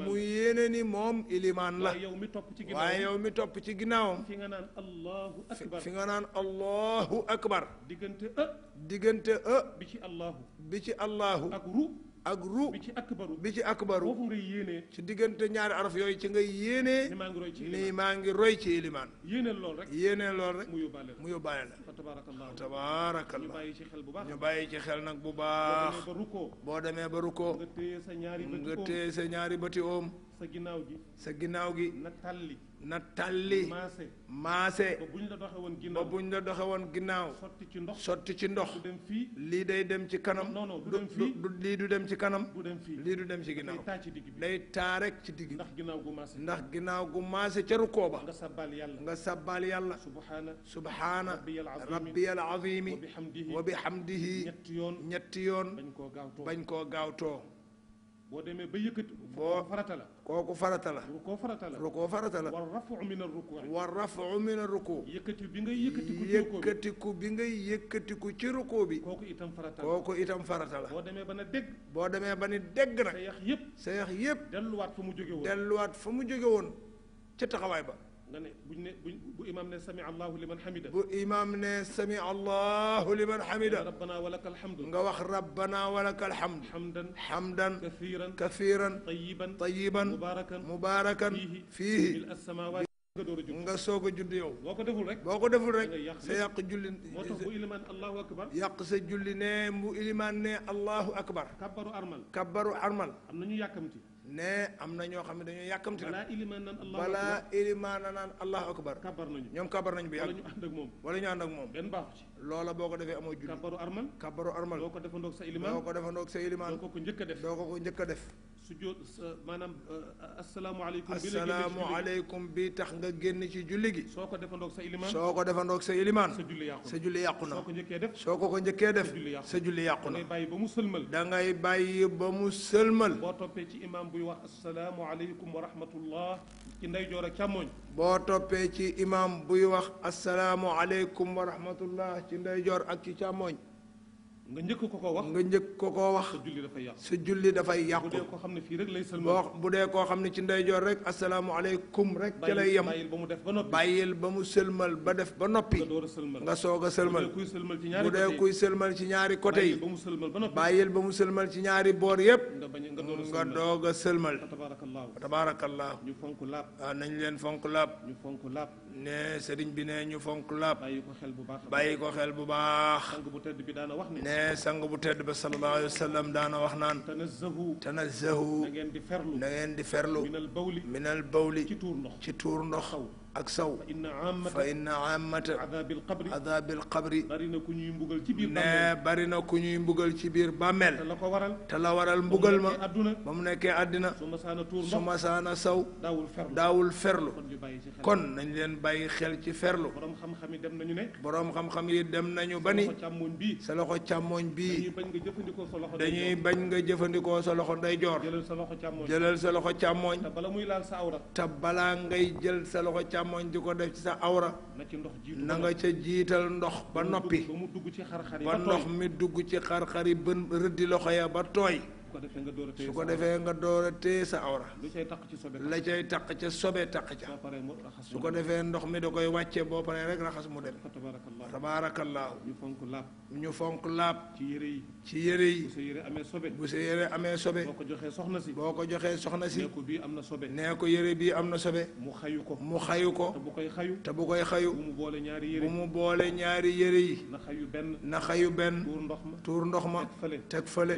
mu yéene ne moom ilimaan la mu ni moom ilimaan la. waaye yow mi topp ci ginnaawam yow mi topp ci ginnaawam. fi nga naan Allahu akbar fi nga naan Allahu akbar. diggante e. diggante e. bi ci Allahu. bi ci Allahu. ak ru. ak ru bi ci akbaru bi ci akbaru foofu nga yéenee ci diggante ñaari araf yooyu ci ngay yéenee ni maa ngi roy ci ni maa ngi roy ci ilimaan yéenee lool rek yéenee lool rek mu yóbbaale la mu yóbbaale la fa tabaarakallah tabaarakallah ñu bàyyi ci xel bu baax ñu bàyyi ci xel nag bu baax boo demee ba rukkoo nga téye sa ñaari bëti oom sa ginnaaw gi sa ginnaaw gi na talli na tàlli maase maase ba buñ la doxe woon ginnaaw ba buñ la doxe woon ginnaaw sotti ci ndox sotti ci ndox lii day dem ci kanam non non du dem fii lii du dem ci kanam du dem fii lii du dem ci ginnaaw day taa rek ci digg ndax ginnaaw gu maase ndax ginnaaw gu maase ca rukkoo ba nga sabbaal yàlla nga sabbaal yàlla subhaana subhaana rabbiyal azimi wa bihamdihi ñetti yoon ñetti yoon bañ koo gaaw bañ koo gaawtoo boo demee ba yëkkati. boo farata la. kooku farata la. ruku farata la. ruku farata la. war rafu min ruku. war rafu min ruku. yëkkati bi ngay yëkkatiku bi ngay yëkkatiku ci ruku bi. kooku itam farata la. kooku itam farata la. boo demee ba ne dégg. boo demee ba ne dégg nag. sa yax yëpp. sa yax yëpp. delluwaat fa mu jóge woon. delluwaat fa mu jóge woon ca taxawaay ba. nga bu ñu ne bu imaam ne sami allahu liman hamida bu imaam ne sami allahu liman hamida rabbana wa lakal hamd nga wax rabbana wa lakal hamd hamdan hamdan kathiran kathiran tayyiban tayyiban mubarakan mubarakan fiihi nga soog a judd yow. boo ko deful rek boo ko deful rek sa yàq julli. moo tax bu ilimaan allahu akbar. yàq sa julli ne bu ilimaan ne allahu akbar. kabbaru armal kabbaru am na ñu yàkkamti. ne am na ñoo xam ne dañoo yàkkamti na balaa ilimaana naan allahu akbar kabar nañu ñoom kabar nañu bi yàgg wala ñu ànd ak moom wala ñu ànd moom benn loola boo ko defee amoo julli kabaru armal kabaru armal doo ko defandoog sa ilimaan doo ko defandoog sa ilimaan doo ko ko a def doo ko ko njëkk def sujjóot maanaam euh, asalaamaaleykum. bi asalaamaaleykum bi tax nga génn ci julli gi. soo ko defandoog sa ilimaan soo ko defandoog sa ilimaan. sa julli yàqu sa julli yàqu na. soo ko njëkkee def soo ko ko njëkkee def. sa julli yàqu na da ngay bàyyi ba mu sëlmal. da bàyyi ba mu sëlmal. boo toppee ci imaam buy wax asalaamaaleykum wa rahmatullah ci ndeyjoor ak càmmoñ. boo toppee ci imaam buy wax asalaamaaleykum wa rahmatullah ci ndeyjoor ak ci càmmoñ. nga njëkk ko koo wax nga njëkk ko wax. sa julli dafay yàqu sa julli dafay yàqu. bu dee koo xam ne fii rek lay sëlmal bu dee koo xam ne ci ndeyjoor rek asalaamualeykum rek. ca lay yem bàyyil ba mu def ba noppi. bàyyil ba mu sëlmal ba def ba noppi. nga soog a sëlmal bu dee kuy sëlmal ci ñaari côté yi. bàyyil ba mu sëlmal ci ñaari boor yépp nga doog a sëlmal. tabaarakallah tabaarakallah. ñu fonk laab nañ leen fonk laab. ñu fonk laab. ne sëriñ bi ne ñu fonk laab. bàyyi ko xel bu baax bàyyi ko xel bu baax. sang bu tedd bi daana wax ne. ne bu tedd ba sallallahu alayhi wa daana wax naan. tanazzahu tanazzahu. na ngeen di ferlu na ngeen di ferlu. minal bawli minal bawli. ci tuur ndox ci tuur ndox. ak saw fa inna amata adaabil qabri bari na ku ñuy mbugal ci biir ne bari na ku ñuy mbugal ci biir bàmmeel te la ko waral te la waral mbugal ma ba mu nekkee àddina su ma saana saw daawul ferlu kon nañ leen bàyyi xel ci ferlu boroom xam yi dem nañu ne boroom xam-xam yi dem nañu ba ni sa loxo càmmoñ bii dañuy bañ nga jëfandikoo sa loxo ndeyjoor jëlal sa loxo càmmoñ te balaa ngay jël sa loxo càmmoñ càmmoñ di ko def ci sa awra na nga ca jiital ndox ba noppi ba ndox mi dugg ci xar-xari bën rëddi loxo ya ba tooy su ko defee nga door a téye su ko defee nga door a sa awra. la cay taq ci sobe la cay taq ca sobe taq ca. su ko defee ndox mi da koy wàccee boo paree rek raxas mu dem. tabaarakallaahu ñu fonk laab. ñu fonk ci yére yi ci yére yi. bu sa yére amee sobe. bu sa yére amee sobe. boo ko joxee soxna si. boo ko joxee soxna si. nee ko na sobe. nee ko yére bii am na sobe. mu xayu ko mu xayu ko. te bu koy xayu. te bu koy xayu. mu boole ñaari yére yi bu mu boole ñaari yére yi. na xayu benn. na xayu benn. tuur ndox ma tuur ndox ma. teg fële.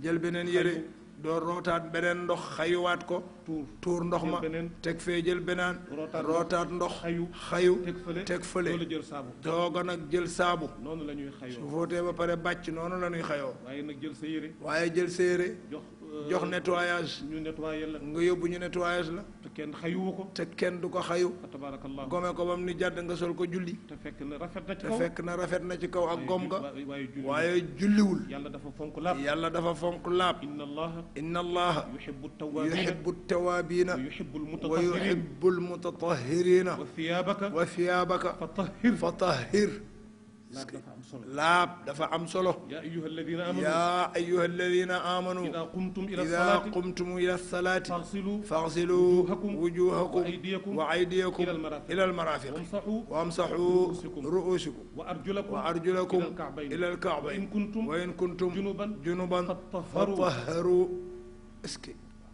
jël beneen yére door rootaat beneen ndox xayuwaat ko tuur ndox ma teg fee jël beneen rootaat ndox xayu teg fële dooga nag jël saabu su fóotee ba pare bàcc noonu la ñuy xayoo waaye jël sa yére waaye jël jox jox nettoyage. ñu nettoyé la. nga yóbbu ñu nettoyage la. te kenn xayuwu du ko xayu. tabarakallah gome ko bam ni jàdd nga sol ko julli. te fekk na rafet na ci kaw te fekk na rafet na ci kaw ak gom nga. waaye julliwul. yàlla dafa fonk laab. yàlla dafa fonk laab. inna allaha. inna allaha. yuhibbu tawaabiina yuhibbu tawaabiina. wa yuhibbul mutatahhiriina. wa thiyaabaka. wa thiyaabaka. fa tahhir fa laab dafa am solo yaa ayyuha alladina amanu ida qumtum ila salaati faxsilu wujuhakum wa aydiyakum ila almarafiq wa amsaxu ruusikum wa arjulakum ila alkacbayn wa in kuntum junuban fatahharu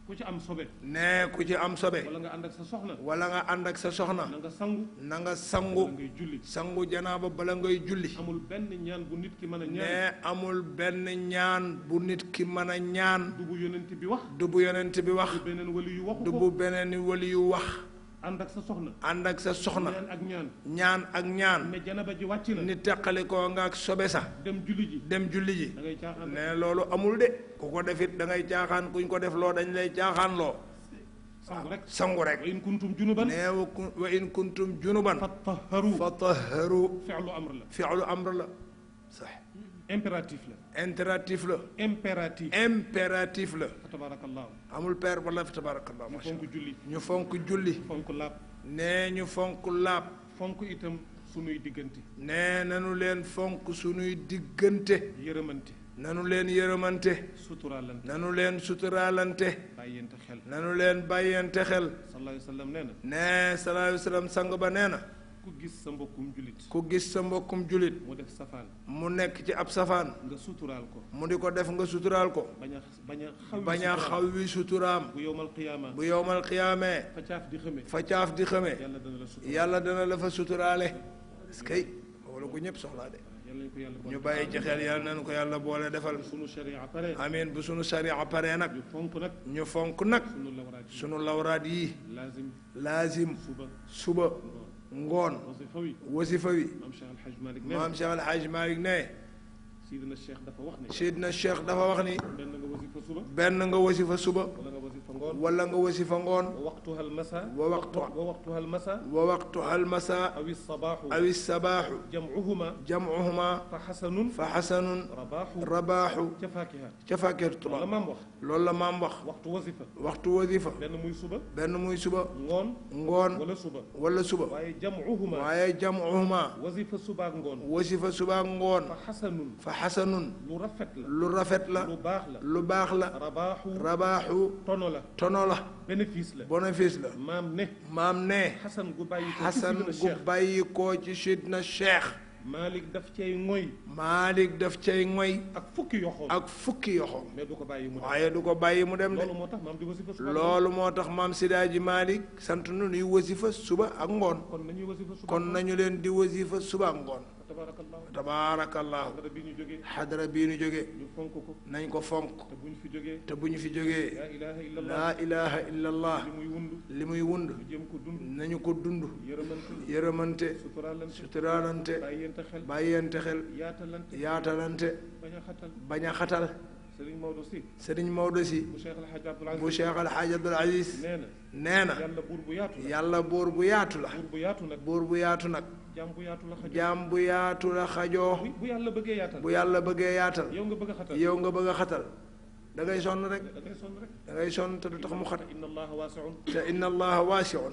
ku ci am sobe. nee ku ci am sobe. wala nga ànd ak sa soxna. wala nga ànd ak sa soxna. na nga sangu. na sangu. ngay julli sangu janaaba bala ngay julli. amul benn ñaan bu nit mën a. ñaan amul benn ñaan bu nit ki mën a ñaan. du bu yonent bi wax. du bu bi wax. beneen wali yu waxu ko du bu beneen wali wax. ànd ak sa soxna. ànd ak sa soxna. ñaan ak ñaan. ñaan ak ñaan. ne janaba wàcc na. ni teqali ko nga ak sobe sax dem julli ji dem julli ji. da ngay caaxaan loolu amul de. ku ko def it da ngay caaxaan kuñ ko def loo dañ lay caaxaan loo. sangu rek sangu rek. wa in kuntum junuban. nee wa in kuntum junuban. fatahharu fatahharu. amr la fi'lu amr la sax. la. impératif la. impératif impératif la. tabarakallah amul père wala fi tabarakallah. macha allah ñu fonk julli. ñu fonk julli. laab. nee ñu fonk laab. fonk itam sunuy diggante. nee nanu leen fonk sunuy diggante. yërëmante. nanu leen yërëmante. suturaalante nanu leen suturaalante. bàyyente xel nanu leen bàyyente xel. sallallahu alayhi wa sallam nee na. nee sang ba nee na. ku gis sa mbokkum julit sa mbokkum julit mu def safaan mu nekk ci ab safaan ko mu di ko def nga suturaal ko bañ a bañ a xaw wi suturaam bu yowmal qiyaama bu yowmal qiyaamee fa caaf di xëmee fa caaf di yàlla dana la suturaale yàlla dana la fa suturaale kay wala ko ñëpp soxlaa de ñu bàyyi ci xel yàlla nañu ko yàlla boole defal amiin bu sunu sariya pare nag ñu fonk nag sunu lawraat yi laazim suba ngoon wasifa wi wasifa wi maam Cheikh Al Hadj Malick ne Seydina Cheikh dafa wax ni benn nga wasifa suba benn nga wasifa suba ngoon wala nga wasifa ngoon wa waqtuha almasa wa waqtu wa waqtuha almasa wa waqtuha almasa aw alsabaaxu aw alsabaaxu jamcuhuma jamcuhuma fa xasanun fa xasanun rabaaxu rabaaxu ca faakiha ca faakiha loolu la maam wax loolu la maam wax waxtu wasifa waxtu wasifa benn muy suba benn muy suba ngoon ngoon wala suba wala suba waaye jamcuhuma waaye jamcuhuma wasifa subaak ngoon wasifa subaak ngoon fa xasanun fa xasanun lu rafet la lu rafet la lu baax la lu baax la rabaaxu rabaaxu tono la tono la. bénéfice la bénéfice la. maam ne. maam ne. xasan gu bàyyi ko ci sidna cheikh xasan gu bàyyi ko ci sidna cheikh. Malik daf cay ngoy. Malik daf cay ngoy. ak fukki yoxoom ak fukki yoxoom. mais du ko bàyyi mu dem waaye du ko bàyyi mu dem de. loolu moo tax maam di wasifa suba loolu moo tax maam Sidaaji Malik sant nu nuy wasifa suba ak ngoon. kon nañu leen di wasifa suba ak ngoon. tabaarakallaahu tabaarakallaahu xadara bii ñu jógee xadara bii ñu jógee fonk ko nañ ko fonk te bu ñu fi jógee te bu ñu fi jógee laa illa allah li muy wund li muy wund nañu ko dund yërëmante suturaalante bàyyente xel yaatalante bañ a xatal Sëriñ Maodo si Sëriñ Maodo si bu Cheikh Al Hadj Abdoul Aziz nee na yàlla buur bu yaatu la buur bu yaatu nag jaam bu yaatu la xajoo jaam bu yaatu la xajoo. bu yàlla bëggee yaatal bu yàlla bëggee yaatal. yow nga bëgg a xatal yow nga bëgg a xatal. da ngay sonn rek da sonn rek da ngay sonn te du tax mu xat. te inna allaha waasiun te inna allaha waasiun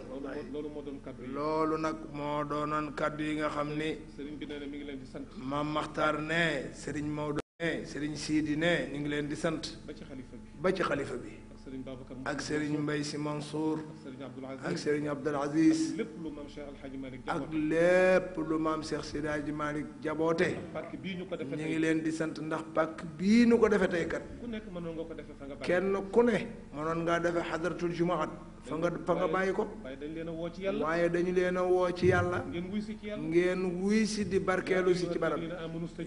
loolu moo doon kàddu yi nag moo doonoon kàddu yi nga xam ni. sëriñ bi mi ngi leen di sant. maam Maxtaar ne sëriñ Maodo ne sëriñ Sidi ne ñu ngi leen di sant. ba ci xalifa bi ba ci xalifa bi. ak sëriñ Babacar ak sëriñ Mbaye Sy Mansour. ak Serigne Abdoul Aziz lépp lu maam Cheikh El Hadj Malick ak lépp lu maam Cheikh Seydi Hadj Malick jaboote ñu ngi leen di sant ndax pàkk bii nu ko defe tey kat kenn ku ne mënoon ngaa defe xadratul jumaat fa nga fa nga bàyyi ko waaye dañu leen a woo ci yàlla ngeen wuy si di barkeelu si ci barab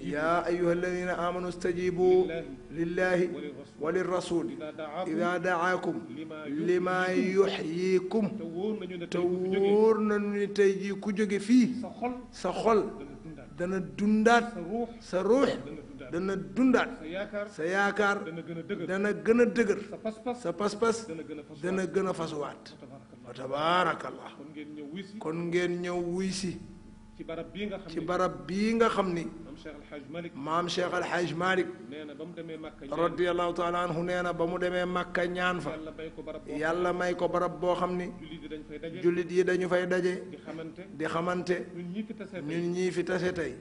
yaa ayuha alladina amanu stajibu lillahi wa lirrasul ida daakum lima yuxyikum te wóor nañu ni tey jii ku jóge fii sa xol dana dundaat sa ruux dana dundaat sa yaakaar dana gën a dëgër sa pas-pas dana gën a fasuwaat wa tabaarakallah kon ngeen ñëw wuy si ci barab bii nga xam ni barab bii nga xam ni maam Cheikh Al Hadj Malick radiyallahu taala anhu nee na ba mu demee Makka ñaan fa yàlla may ko barab boo xam ni jullit yi dañu fay daje di xamante ñun ñii fi tase tey.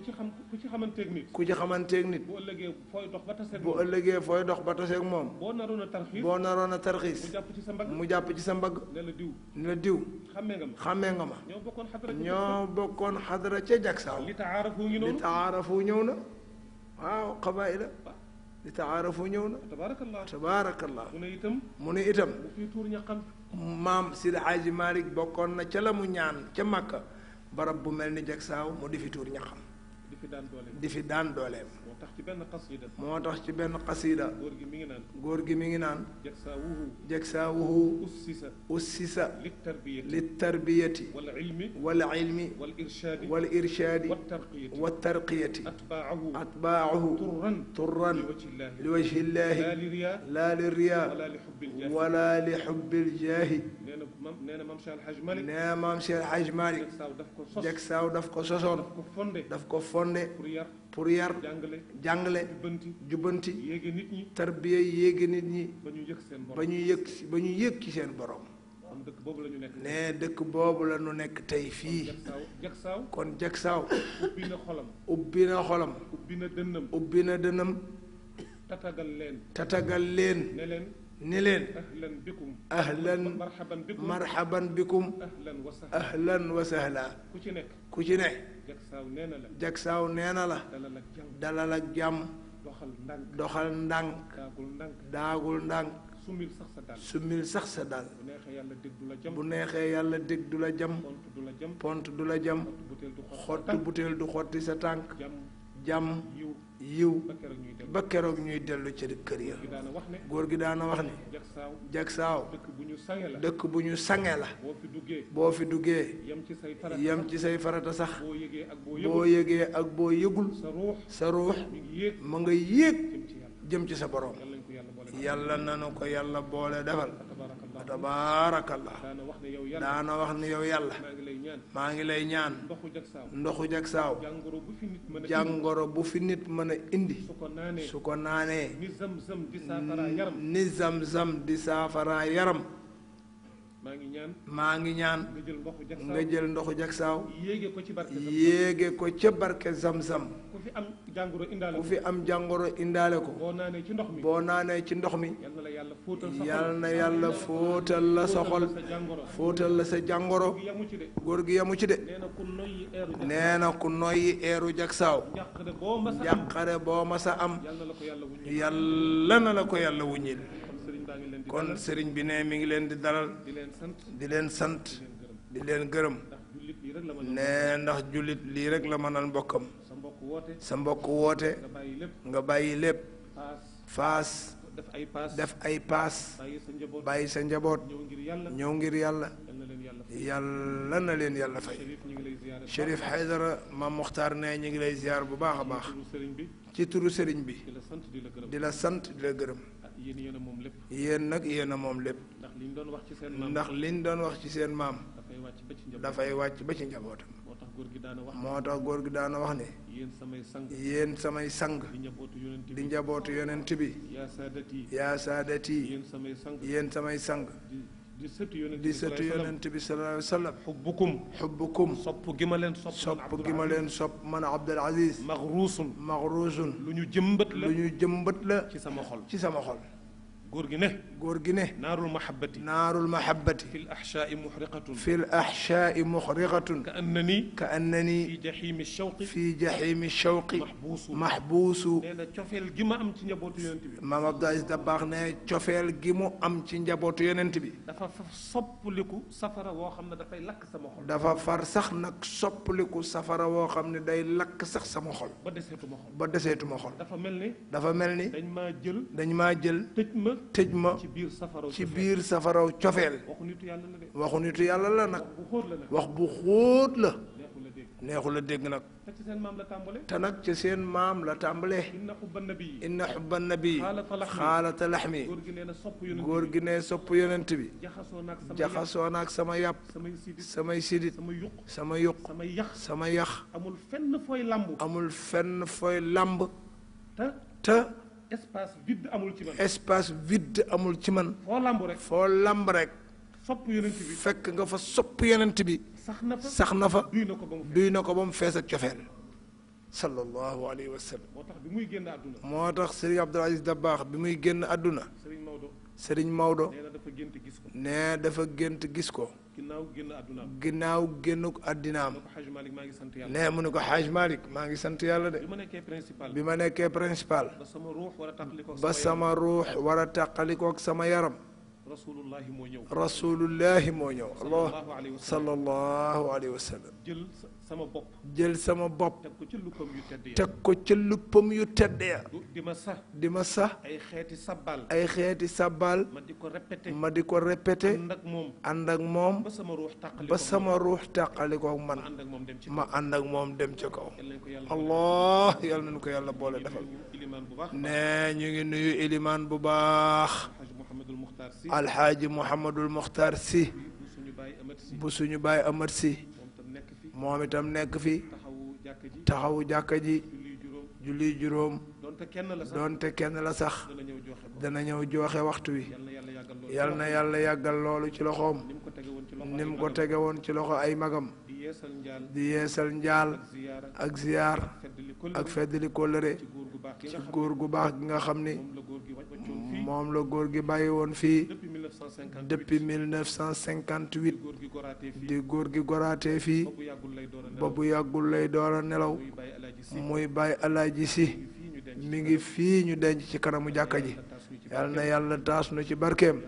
ku ci xam ku ci xamanteeg nit. ku ci xamanteeg nit. bu ëllëgee fooy dox ba taseeg moom bu ëllëgee fooy dox ba taseeg moom. boo naroon a tarxiis naroon a tarxiis. mu jàpp ci sa mbagg mu jàpp ci sa mbagg. ne la diw ne la diw. xàmmee nga ma xàmmee nga ma. ñoo bokkoon xadara ca ñoo bokkoon xadara ca jagsaaw. li taarafu ngi noonu li taarafu ñëw na waaw xabaay la. li taarafu ñëw na. tabaarakallah tabaarakallah. mu ne itam mu ne itam. mu fi tuur ñaqam. maam si Hadji Malick bokkoon na ca la mu ñaan ca Makka barab bu mel ni jagsaaw mu di fi tuur ñaqam di fi daan dooleem ci benn xasida moo tax ci benn xasida góor gi mi ngi naan góor gi mi ngi naan jeg saa wuhu jeg saa wuhu ussisa ussisa li tarbiyati li tarbiyati wal ilmi wal ilmi wal irshaadi wal irshaadi wa tarqiyati atbaahu atbaahu turran turran li wajhi llahi laa li riyaa wala li xubbil jaahi nee na maam Cheikh Alxaj Malik jeg saaw daf ko sosoon daf ko fonde pour yar jàngale jubbanti tarbiya yéege nit ñi ba ñu yëg ba ñu yëg seen borom ne dëkk boobu la ñu nekk tey fii kon jagsaaw ubbi na xolam ubbi na xolam ubbi na dënnam tatagal leen tatagal leen ni leen ahlan bikum ahlan marhaban ku ci nekk ku ci ne jagsaaw nee na la jagsaaw nee dalal ak jàmm doxal ndànk doxal ndànk daagul ndànk daagul summil sax sa daal summil sax sa bu neexee yàlla dégg du la jam bu neexee yàlla dégg du la jam pont du la jam pont du la jam xott butéel du xotti sa tànk jàmm yiw yiw ba keroog ñuy dellu ca kër ya góor gi daana wax ne jag saaw dëkk bu ñu sangee la boo fi duggee yam ci say farata sax boo yëgee ak boo yëgul sa ruux ma nga yéeg jëm ci sa borom yàlla nanu ko yàlla boole defal fa tabaarakallah daana wax ni yow yàlla maa ngi lay ñaan ndoxu jag saaw jàngoro bu fi nit mën indi su ko naanee ni zam-zam di saafara yaram maa ngi ñaan maa ngi ñaan nga jël ndoxu jagsaaw yéege ko ci barke yéege ko ca barke zam-zam ku fi am jàngoro indaale ku fi am jàngoro indaale ko boo naanee ci ndox mi boo naanee ci ndox mi yal na yàlla fóotal la soxol fóotal la sa jàngoro góor gi yamu ci de nee na ku noyyi eeru jagsaaw jàqare boo ma sa am yàlla na la ko yàlla wuññil kon sëriñ bi ne mi ngi leen di dalal di leen sant di leen gërëm ne ndax jullit lii rek la mënal mbokkam sa mbokk woote nga bàyyi lépp faas def ay paas bàyyi sa njaboot ñëw ngir yàlla yàlla na leen yàlla fay Chérif Haydara Maam Moxtaar ne ñu ngi lay ziar bu baax a baax ci turu sëriñ bi di la sant di la gërëm yéen yéen a moom lépp. yéen nag yéen a moom lépp. ndax liñ doon wax ci seen maam. ndax liñ doon wax ci seen maam. dafay wàcc ba ci njabootam dafay wàcc ba ci njabootam. moo tax góor gi daana wax. moo tax góor gi daana wax ne. yéen samay sang. yéen samay sang. di njabootu yonent bi di njabootu yonent bi. yaa saadati. yaa saadati. yéen samay yéen samay sang. di sëtu yonent bi sëtu yonent bi sallallahu alayhi wa sallam. xubbukum xubbukum. sopp gi ma leen sopp. sopp gi ma leen sopp man Abdul Aziz. maxruusun maxruusun. lu ñu jëmbat la lu ñu jëmbat la. ci sama xol ci sama xol. góor gi ne góor gi ne naarul mahabbati naarul mahabbati fi l axshaai muxriqatun fi l axshaai muxriqatun ka anna nii ka anna nii fii jaxiimi shawqi fii jaxiimi shawqi maxbuusu maxbuusu nee na cofeel gi ma am ci njabootu yonent bi maam Abdou Aziz Dabakh ne cofeel gi mu am ci njabootu yonent bi dafa far soppaliku safara woo xam ne dafay lakk sama dafa far sax nag soppaliku safara woo xam ne day lakk sax sama xol ba deseetuma xol ba deseetuma xol dafa mel ni dafa mel ni dañ ma jël dañ ma jël tëj ma ci biir safaraw cofeel waxu nitu yàlla la nag wax bu xóot la neexul a dégg nag te nag ca seen maam la tàmbalee inna xubba nabi xaalata laxmi góor gi ne sopp yonent bi jaxasoo naag sama yàpp samay sidit sama yuq sama yax amul fenn fooy làmb te espace vide amul ci man. espace vide amul ci man. foo lamb rek foo lamb rek. sopp yonent fekk nga fa sopp yonent bi. sax na fa sax na fa duy na ko ba mu fees duy na ko ba mu fees ak cofeel. sallallahu alayhi wa sallam. moo tax bi muy génn àdduna. moo tax Serigne Abdoul Aziz Dabakh bi muy génn àdduna. Serigne Maodo Serigne Maodo. gént gis ko. nee dafa gént gis ko. ginnaaw génn àddunaam. ginnaaw génnuk àddinaam. nee mu ne ko xaaj Malick maa ngi sant yàlla de. bi ma nekkee principal. bi ma nekkee principal. ba sama ruux war a taqalikook sama yaram ba sama ruux war a taqalikook sama yaram. rasulullahi moo ñëw. rasulullahi moo ñëw. allah sallallahu alayhi wa sallam. sama bopp jël sama bopp. teg ko ca luppam yu tedd ya teg ko ca luppam yu tedd ya. di ma sax di ma sax. ay xeeti sabbal ay xeeti sabbal. ma di ko répété ma di ko répété. ànd ak moom ànd ak moom. ba sama ruux taqali sama ruux taqali ko man. ma ànd ak moom dem ci kaw ma ànd ak moom dem ci kaw. allah yal nañu ko yàlla boole defal. nee ñu ngi nuyu ilimaan bu baax. alxaaji Mouhamadul Mokhtar si. bu suñu baay amat si. moom itam nekk fi taxawu jàkka ji julli juróom doonte kenn la sax dana ñëw joxe waxtu wi yal na yàlla yàggal loolu ci loxoom ni ko tege woon ci loxo ay magam di yeesal njaal ak ziyaar ak feddli kóllëre ci góor gu baax gi nga xam ni moom la góor gi bàyyi woon fii depuis 1958 di góor gi goraatee fii ba bu yàggul lay door nelaw muy bàyyi alaaji si mi ngi fii ñu denc ci kanamu jàkka ji yal na yàlla taas na ci barkeem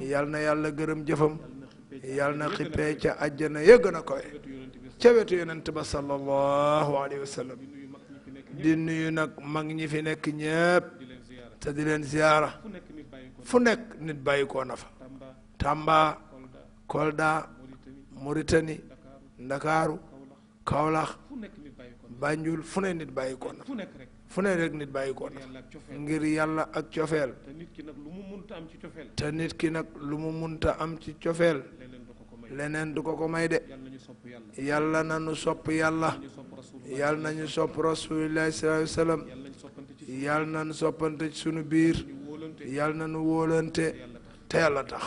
yal na yàlla gërëm jëfam yal na xippee ca àjjana ya gën a ca wetu yonent ba sallallahu alayhi wa sallam di nuyu nag mag ñi fi nekk ñépp te di leen ziyaara fu nekk nit bàyyi koo na fa Tamba Kolda Mauritanie Ndakaaru Kaolack Banjul fu ne nit bàyyi koo na fa fu ne rek nit bàyyi koo na ngir yàlla ak cofeel te nit ki nag lu mu munta am ci cofeel nit ki nag lu mu munta am ci cofeel leneen du ko ko may de yàlla na nu sopp yàlla yàlla na ñu sopp rasulillahi sallallahu alayhi wa sallam yàlla na nu soppante ci sunu biir yàlla na nu wóolante te yàlla tax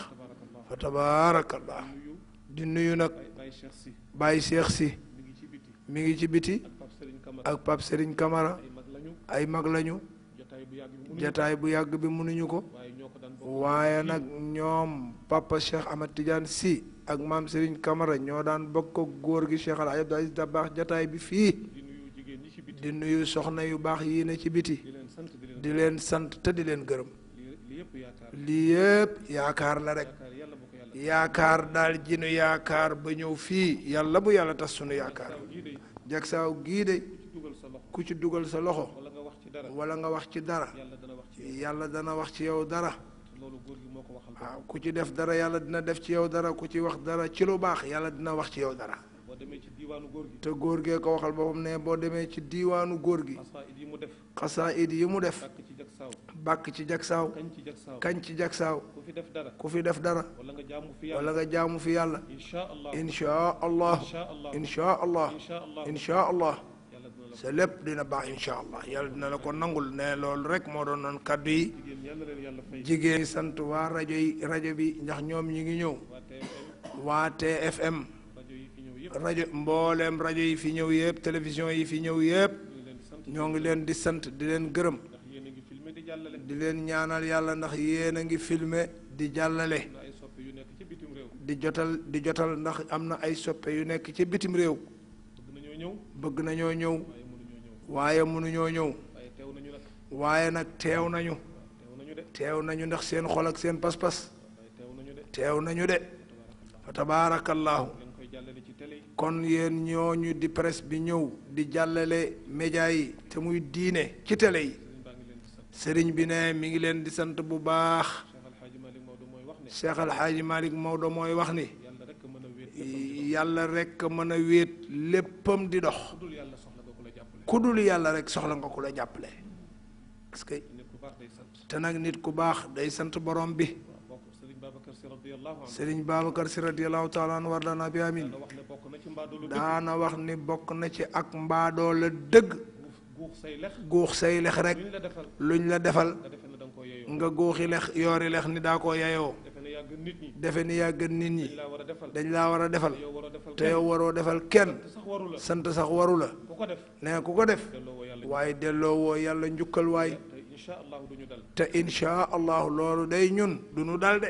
fa tabaarakallah di nuyu nag bàyyi Cheikh si mi ngi ci biti ak Pape Serigne Camara ay mag lañu jataay bu yàgg bi mënuñu ko waaye nag ñoom papa Cheikh Ahmad Tidiane si ak maam Serigne Camara ñoo daan bokk góor gi Cheikh Al Hadj Abdou Aziz Dabakh jataay bi fii di nuyu soxna yu baax yii ne ci biti di leen sant te di leen gërëm. lii yëpp yaakaar la rek yaakaar daal ji nu yaakaar ba ñëw fii yàlla bu yàlla tas sunu yaakaar jagsaaw gii de ku ci dugal sa loxo wala nga wax ci dara yàlla dana wax ci yow dara waaw ku ci def dara yàlla dina def ci yow dara ku ci wax dara ci lu baax yàlla dina wax ci yow dara te góor gee ko waxal boppam ne boo demee ci diiwaanu góor gi xasaa it yi mu def bàkk ci jagsaaw kañ ci jagsaaw ku fi def dara wala nga jaamu fi yàlla inchaa allah inchaa allah inchaa allah sa lépp dina baax inchaa allah yàlla dina la ko nangul ne loolu rek moo doon noon kàddu yi jigéeni sant waa rajo yi rajo bi ndax ñoom ñi ngi ñëw waa TFM rajo mbooleem rajo yi fi ñëw yëpp télévision yi fi ñëw yëpp ñoo ngi leen di sant di leen gërëm jàllale. di leen ñaanal yàlla ndax yéen a ngi filmer di jàllale. di jotal di jotal ndax am na ay soppe yu nekk ci bitim réew. bëgg nañoo ñëw. waaye mënuñoo ñëw. waaye nag teew nañu. teew nañu ndax seen xol ak seen pas-pas. teew nañu de. fa tabaarakallaahu kon yéen ñu di presse bi ñëw di jàllale média yi te muy diine ci tele yi. sëriñ bi ne mi ngi leen di sant bu baax Cheikh Al Hadj Malick Maodo mooy wax ni yàlla rek mën a wéet léppam di dox ku dul yàlla rek soxla nga ku la jàppale parce que te nag nit ku baax day sant borom bi sëriñ Babacar si radiyallahu taala an war dana bi amin daana wax ni bokk na ci ak mbaadoo la dëgg guux say lex rek luñ la defal nga guuxi lex yoori lex ni daa koo yayoo defe ni yaa nit ñi dañ laa war a defal te yow waroo defal kenn sant sax waru la nee ku ko def waaye delloo woo yàlla njukkal waay te inshaa allahu loolu day ñun du ñu dal de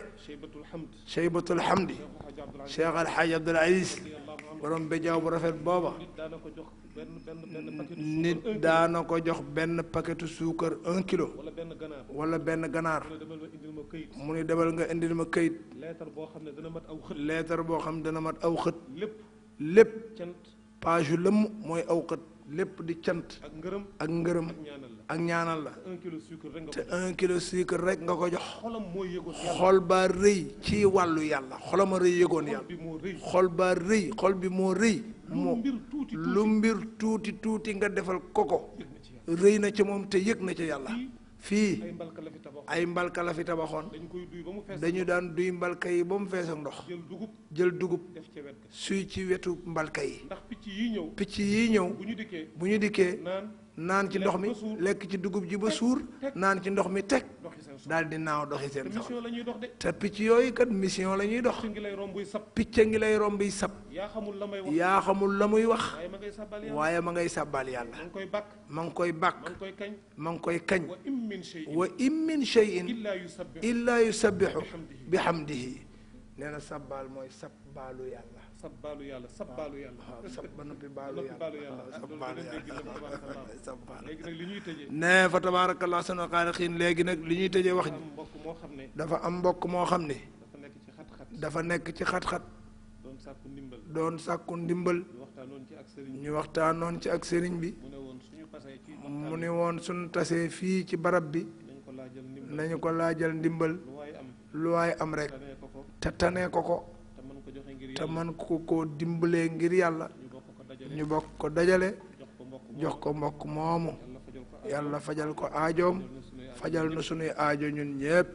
sheybatul hamdi cheikh alxaaj abdul aziz borom bejaaw bu rafet booba nit daana ko jox benn paquetu suukar un kilo wala benn ganaar mu ni demal nga indil ma këyit leetar boo xam ne dana mat aw xët lépp page yu lëmm mooy aw xët lépp di cant ak ngërëm ak ñaanal la te un kilo sucre rek nga ko jox xol baa rëy ci wàllu yàlla xolama rëy yëgoon yàlla xol baa rëy xol bi moo rëy moo lu mbir tuuti tuuti nga defal koko rëy na ci moom te yëg na ci yàlla fii ay mbalka la fi tabaxoon dañu daan duy mbalka yi ba mu fees ak ndox jël dugub suy ci wetu mbalka yi picc yi ñëw bu ñu dikkee naan ci ndox mi lekk ci dugub ji ba suur naan ci ndox mi teg daal di naaw doxi seen soxla te picc yooyu kat mission la ñuy dox picc ngi lay romb yi sab yaa xamul la muy wax waaye ma ngay sàbbaal yàlla ma ngi koy bàkk ma ngi koy kañ wa im min cheyin illaa yusabixu bi hamdihi nee na sabal mooy sàbbaalu yàlla sabbaalu yàlla sabbaalu yàlla. waaw sab ba noppi baalu yàlla baalu yàlla. sabbaalu yàlla léegi nag li ñuy tëjee. nee fa tabaarakallah sana xaarixiin léegi nag li ñuy tëjee wax ji. dafa am mbokk moo xam ne. dafa am mbokk moo xam ne. dafa nekk ci xat-xat. nekk ci xat-xat. doon sàkku ndimbal. doon sàkku ndimbal. ñu waxtaanoon ci ak sëriñ bi ñu waxtaanoon ci ak sëriñ bi. mu ne woon suñu tasee fii ci barab bi. nañu ko laajal ndimbal. lu waay am rek. te tane ko ko. te man ko koo dimbalee ngir yàlla ñu bokk ko dajale jox ko mbokk moomu yàlla fajal ko aajoom fajal na sunuy aajo ñun ñépp